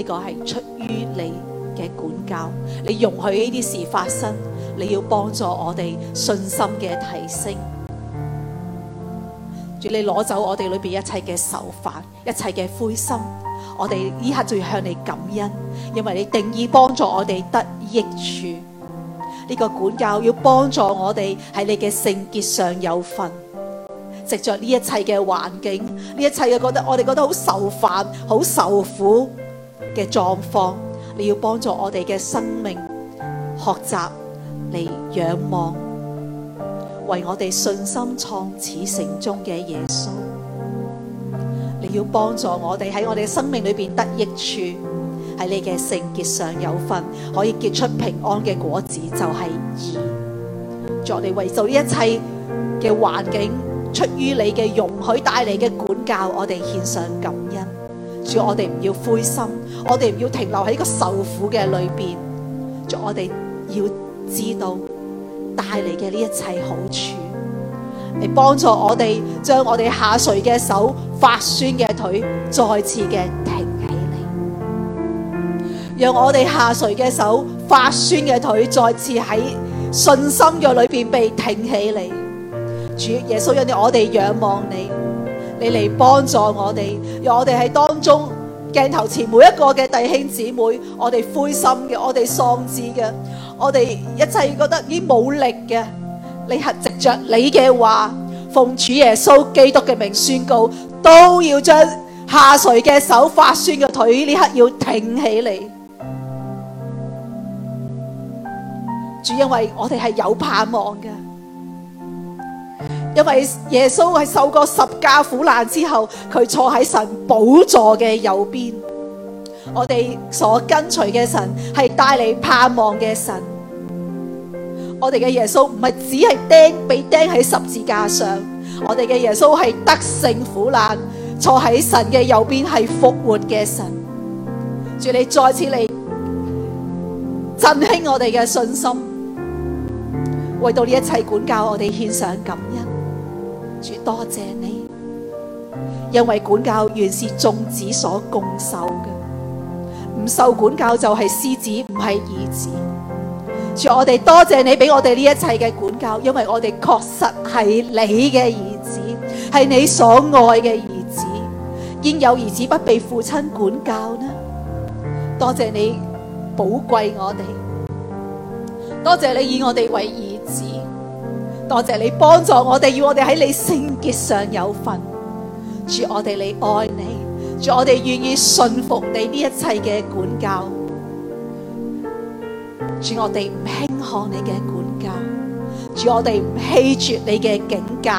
呢個係出於你嘅管教，你容許呢啲事發生，你要幫助我哋信心嘅提升。主，你攞走我哋裏邊一切嘅愁煩、一切嘅灰心，我哋呢刻就要向你感恩，因為你定義幫助我哋得益處。呢、這個管教要幫助我哋喺你嘅聖潔上有份。藉着呢一切嘅環境，呢一切嘅覺得，我哋覺得好愁煩，好受苦。嘅狀況，你要幫助我哋嘅生命學習嚟，仰望為我哋信心創始成終嘅耶穌，你要幫助我哋喺我哋嘅生命裏邊得益處，喺你嘅聖潔上有份，可以結出平安嘅果子，就係義。助你為受呢一切嘅環境出於你嘅容許帶嚟嘅管教，我哋獻上感恩。主，我哋唔要灰心，我哋唔要停留喺呢個受苦嘅裏邊。主，我哋要知道帶嚟嘅呢一切好處，嚟幫助我哋將我哋下垂嘅手、發酸嘅腿再次嘅挺起嚟。讓我哋下垂嘅手、發酸嘅腿再次喺信心嘅裏邊被挺起嚟。主耶穌，讓你我哋仰望你。你嚟幫助我哋，讓我哋喺當中鏡頭前每一個嘅弟兄姊妹，我哋灰心嘅，我哋喪志嘅，我哋一切覺得已經冇力嘅，你係藉着你嘅話，奉主耶穌基督嘅名宣告，都要將下垂嘅手、發酸嘅腿呢刻要挺起嚟。主，因為我哋係有盼望嘅。因為耶穌係受過十架苦難之後，佢坐喺神寶座嘅右邊。我哋所跟隨嘅神係帶嚟盼望嘅神。我哋嘅耶穌唔係只係釘，被釘喺十字架上。我哋嘅耶穌係得勝苦難，坐喺神嘅右邊係復活嘅神。祝你再次嚟，振興我哋嘅信心。為到呢一切管教，我哋獻上感恩，主多謝你，因為管教原是眾子所共受嘅，唔受管教就係私子，唔係兒子。主，我哋多謝你俾我哋呢一切嘅管教，因為我哋確實係你嘅兒子，係你所愛嘅兒子。焉有兒子不被父親管教呢？多謝你寶貴我哋。多謝你以我哋為兒子，多謝你幫助我哋，要我哋喺你聖潔上有份。主，我哋你愛你，主，我哋願意信服你呢一切嘅管教。主，我哋唔輕看你嘅管教，主，我哋唔棄絕你嘅警戒，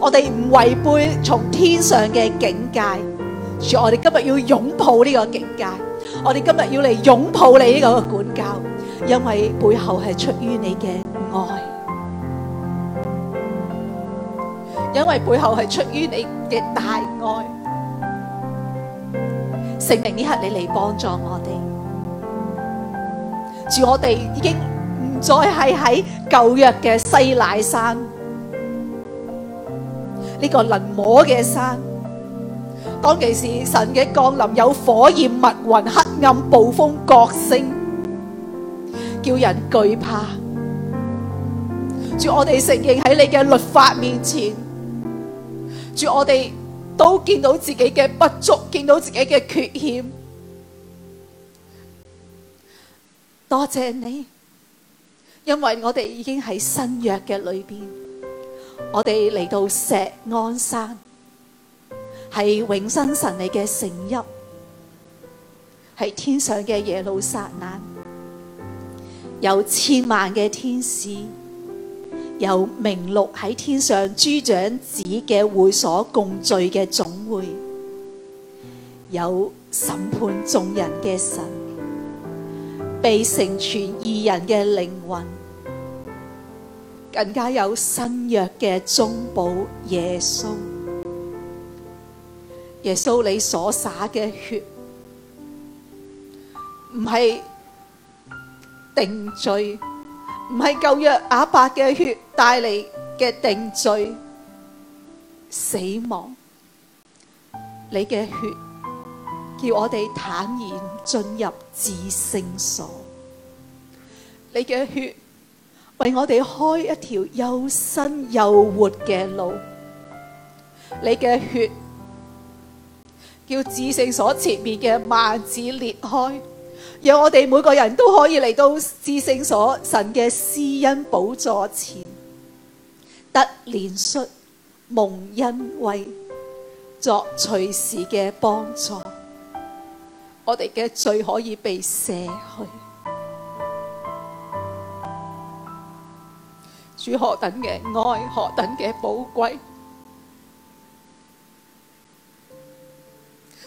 我哋唔違背從天上嘅警戒。主，我哋今日要擁抱呢個警戒，我哋今日要嚟擁抱你呢個管教。因為背後係出於你嘅愛，因為背後係出於你嘅大愛，聖靈呢刻你嚟幫助我哋，住我哋已經唔再係喺舊約嘅西乃山呢個能摸嘅山，當其時神嘅降臨有火焰、密雲、黑暗、暴風、角聲。叫人懼怕，主我哋承認喺你嘅律法面前，主我哋都見到自己嘅不足，見到自己嘅缺陷。多謝你，因為我哋已經喺新約嘅裏邊，我哋嚟到錫安山，係永生神你嘅城邑，係天上嘅耶路撒冷。有千萬嘅天使，有名錄喺天上諸長子嘅會所共聚嘅總會，有審判眾人嘅神，被成全義人嘅靈魂，更加有新約嘅中保耶穌，耶穌你所灑嘅血唔係，定罪唔係舊約亞伯嘅血帶嚟嘅定罪死亡，你嘅血叫我哋坦然進入至聖所，你嘅血為我哋開一條又新又活嘅路，你嘅血叫至聖所前面嘅幔子裂開。讓我哋每個人都可以嚟到至聖所，神嘅施恩寶座前，得憐恤蒙恩惠，作隨時嘅幫助。我哋嘅罪可以被赦去，主何等嘅愛，何等嘅寶貴，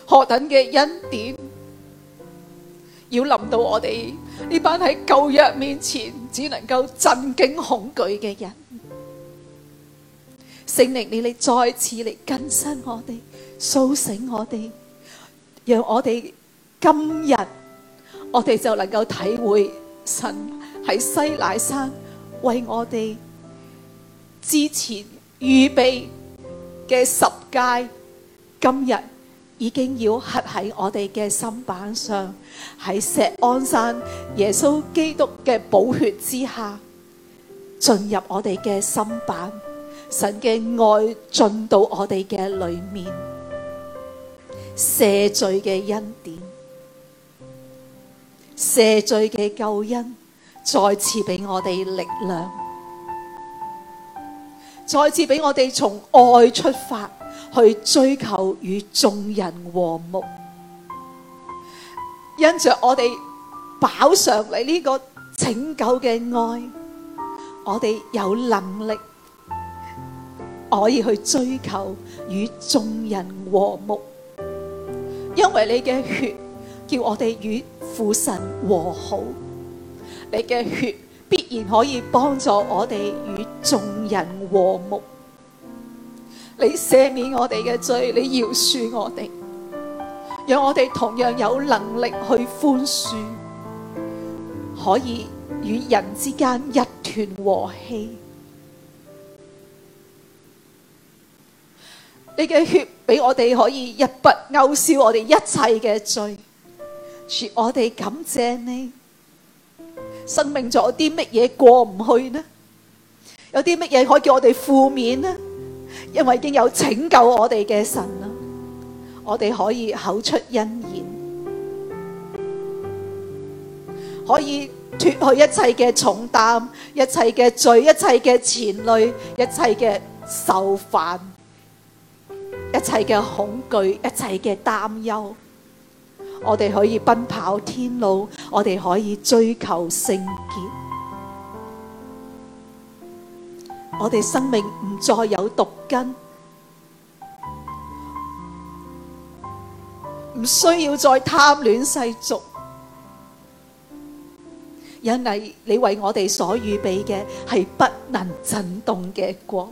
何等嘅恩典。要臨到我哋呢班喺舊約面前只能夠震驚恐懼嘅人，聖靈你哋再次嚟更新我哋，蘇醒我哋，讓我哋今日我哋就能夠體會神喺西乃山為我哋之前預備嘅十階今日。已經要刻喺我哋嘅心板上，喺石安山耶穌基督嘅寶血之下，進入我哋嘅心板，神嘅愛進到我哋嘅裏面，赦罪嘅恩典，赦罪嘅救恩，再次俾我哋力量，再次俾我哋從愛出發。去追求與眾人和睦，因着我哋飽嘗你呢個拯救嘅愛，我哋有能力可以去追求與眾人和睦。因為你嘅血叫我哋與父神和好，你嘅血必然可以幫助我哋與眾人和睦。你赦免我哋嘅罪，你饒恕我哋，讓我哋同樣有能力去寬恕，可以與人之間一團和氣。你嘅血俾我哋可以一筆勾銷我哋一切嘅罪，我哋感謝你。生命仲有啲乜嘢過唔去呢？有啲乜嘢可以叫我哋負面呢？因為已經有拯救我哋嘅神啦，我哋可以口出恩言，可以脱去一切嘅重擔，一切嘅罪，一切嘅纏累，一切嘅愁煩，一切嘅恐懼，一切嘅擔憂。我哋可以奔跑天路，我哋可以追求聖潔。我哋生命唔再有毒根，唔需要再貪戀世俗，因為你為我哋所預備嘅係不能震動嘅光。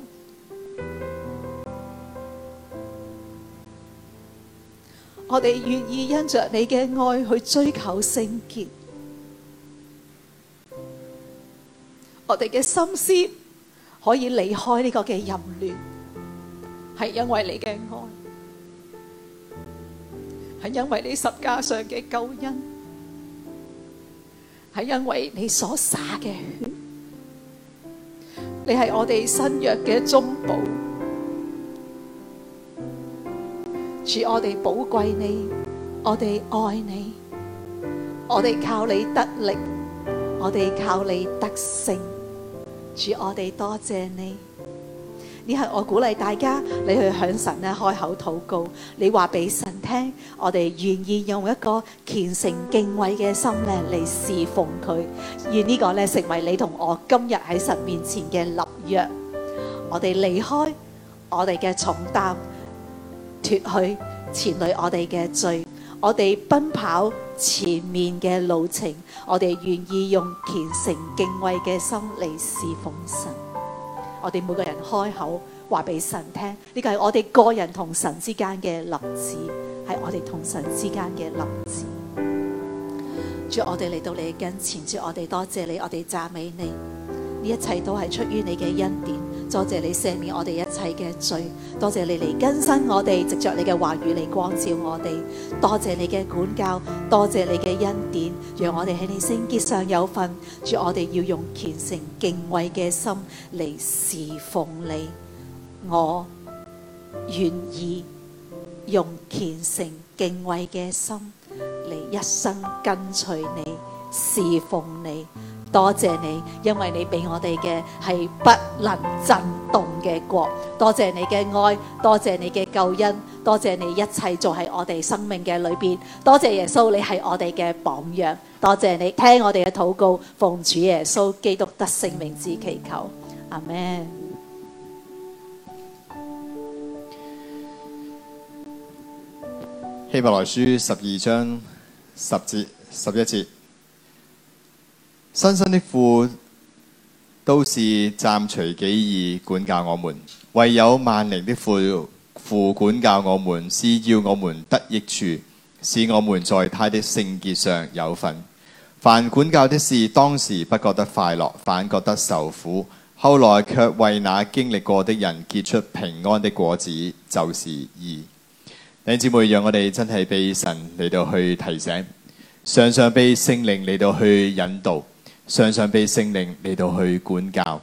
我哋願意因着你嘅愛去追求聖潔，我哋嘅心思，可以離開呢個嘅淫亂，係因為你嘅愛，係因為你十架上嘅救恩，係因為你所灑嘅血，你係我哋新約嘅中保，主，我哋寶貴你，我哋愛你，我哋靠你得力，我哋靠你得勝。主，我哋多謝你。呢係我鼓勵大家，你去向神咧開口禱告，你話俾神聽，我哋願意用一個虔誠敬畏嘅心咧嚟侍奉佢，願呢個咧成為你同我今日喺神面前嘅立約。我哋離開我哋嘅重擔，脫去纏累我哋嘅罪。我哋奔跑前面嘅路程，我哋願意用虔誠敬，敬畏嘅心嚟侍奉神。我哋每個人開口話俾神聽，呢個係我哋個人同神之間嘅立志，係我哋同神之間嘅立志。主，我哋嚟到你嘅跟前，主，我哋多謝，謝你，我哋讚美你，呢一切都係出於你嘅恩典。多謝你赦免我哋一切嘅罪，多謝你嚟更新我哋，藉着你嘅話語嚟光照我哋，多謝你嘅管教，多謝你嘅恩典，讓我哋喺你聖潔上有份。主，我哋要用虔誠敬畏嘅心嚟侍奉你。我願意用虔誠敬畏嘅心嚟一生跟隨你，侍奉你。多謝你，因為你畀我哋嘅係不能震動嘅國。多謝你嘅愛，多謝你嘅救恩，多謝你一切做喺我哋生命嘅裏邊。多謝耶穌，你係我哋嘅榜樣。多謝你聽我哋嘅禱告，奉主耶穌基督得聖名之祈求。阿門。希伯來書十二章十節十一節。生身的父都是暫隨己意管教我們，唯有萬靈的父父管教我們，是要我們得益處，使我們在他的聖潔上有份。凡管教的事，當時不覺得快樂，反覺得受苦；後來卻為那經歷過的人結出平安的果子，就是義。弟兄姊妹，讓我哋真係被神嚟到去提醒，常常被聖靈嚟到去引導。常常被聖靈嚟到去管教，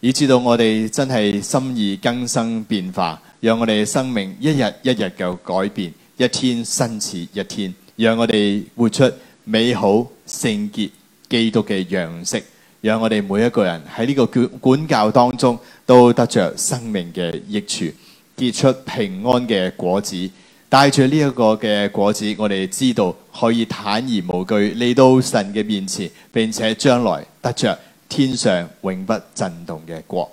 以至到我哋真係心意更生變化，讓我哋生命一日一日就改變，一天新似一天，讓我哋活出美好聖潔基督嘅樣式，讓我哋每一個人喺呢個管管教當中都得着生命嘅益處，結出平安嘅果子。帶住呢一個嘅果子，我哋知道可以坦然無懼嚟到神嘅面前，並且將來得着天上永不震動嘅國。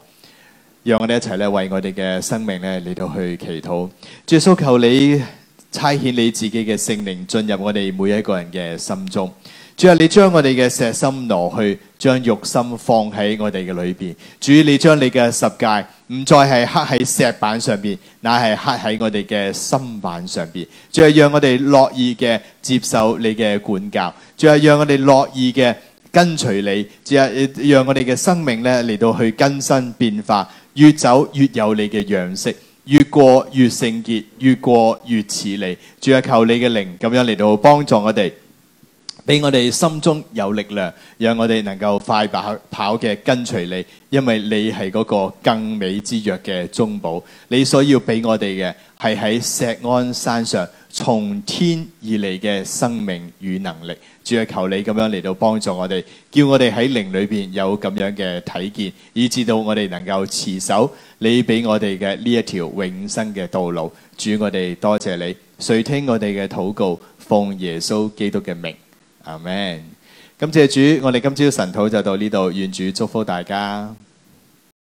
讓我哋一齊咧，為我哋嘅生命咧，嚟到去祈禱。主求你差遣你自己嘅聖靈進入我哋每一個人嘅心中。主啊，你將我哋嘅石心挪去。將肉心放喺我哋嘅裏邊，主你將你嘅十誡唔再係刻喺石板上邊，乃係刻喺我哋嘅心板上邊。主係讓我哋樂意嘅接受你嘅管教，主係讓我哋樂意嘅跟隨你，主係讓我哋嘅生命咧嚟到去更新變化，越走越有你嘅樣式，越過越聖潔，越過越似你。主係求你嘅靈咁樣嚟到幫助我哋。俾我哋心中有力量，讓我哋能夠快跑跑嘅跟隨你，因為你係嗰個更美之約嘅中保。你所要俾我哋嘅係喺錫安山上從天而嚟嘅生命與能力。主啊，求你咁樣嚟到幫助我哋，叫我哋喺靈裏邊有咁樣嘅睇見，以致到我哋能夠持守你俾我哋嘅呢一條永生嘅道路。主，我哋多謝你，垂聽我哋嘅禱告，奉耶穌基督嘅名。阿們，感謝主，我哋今朝晨禱就到呢度，願主祝福大家。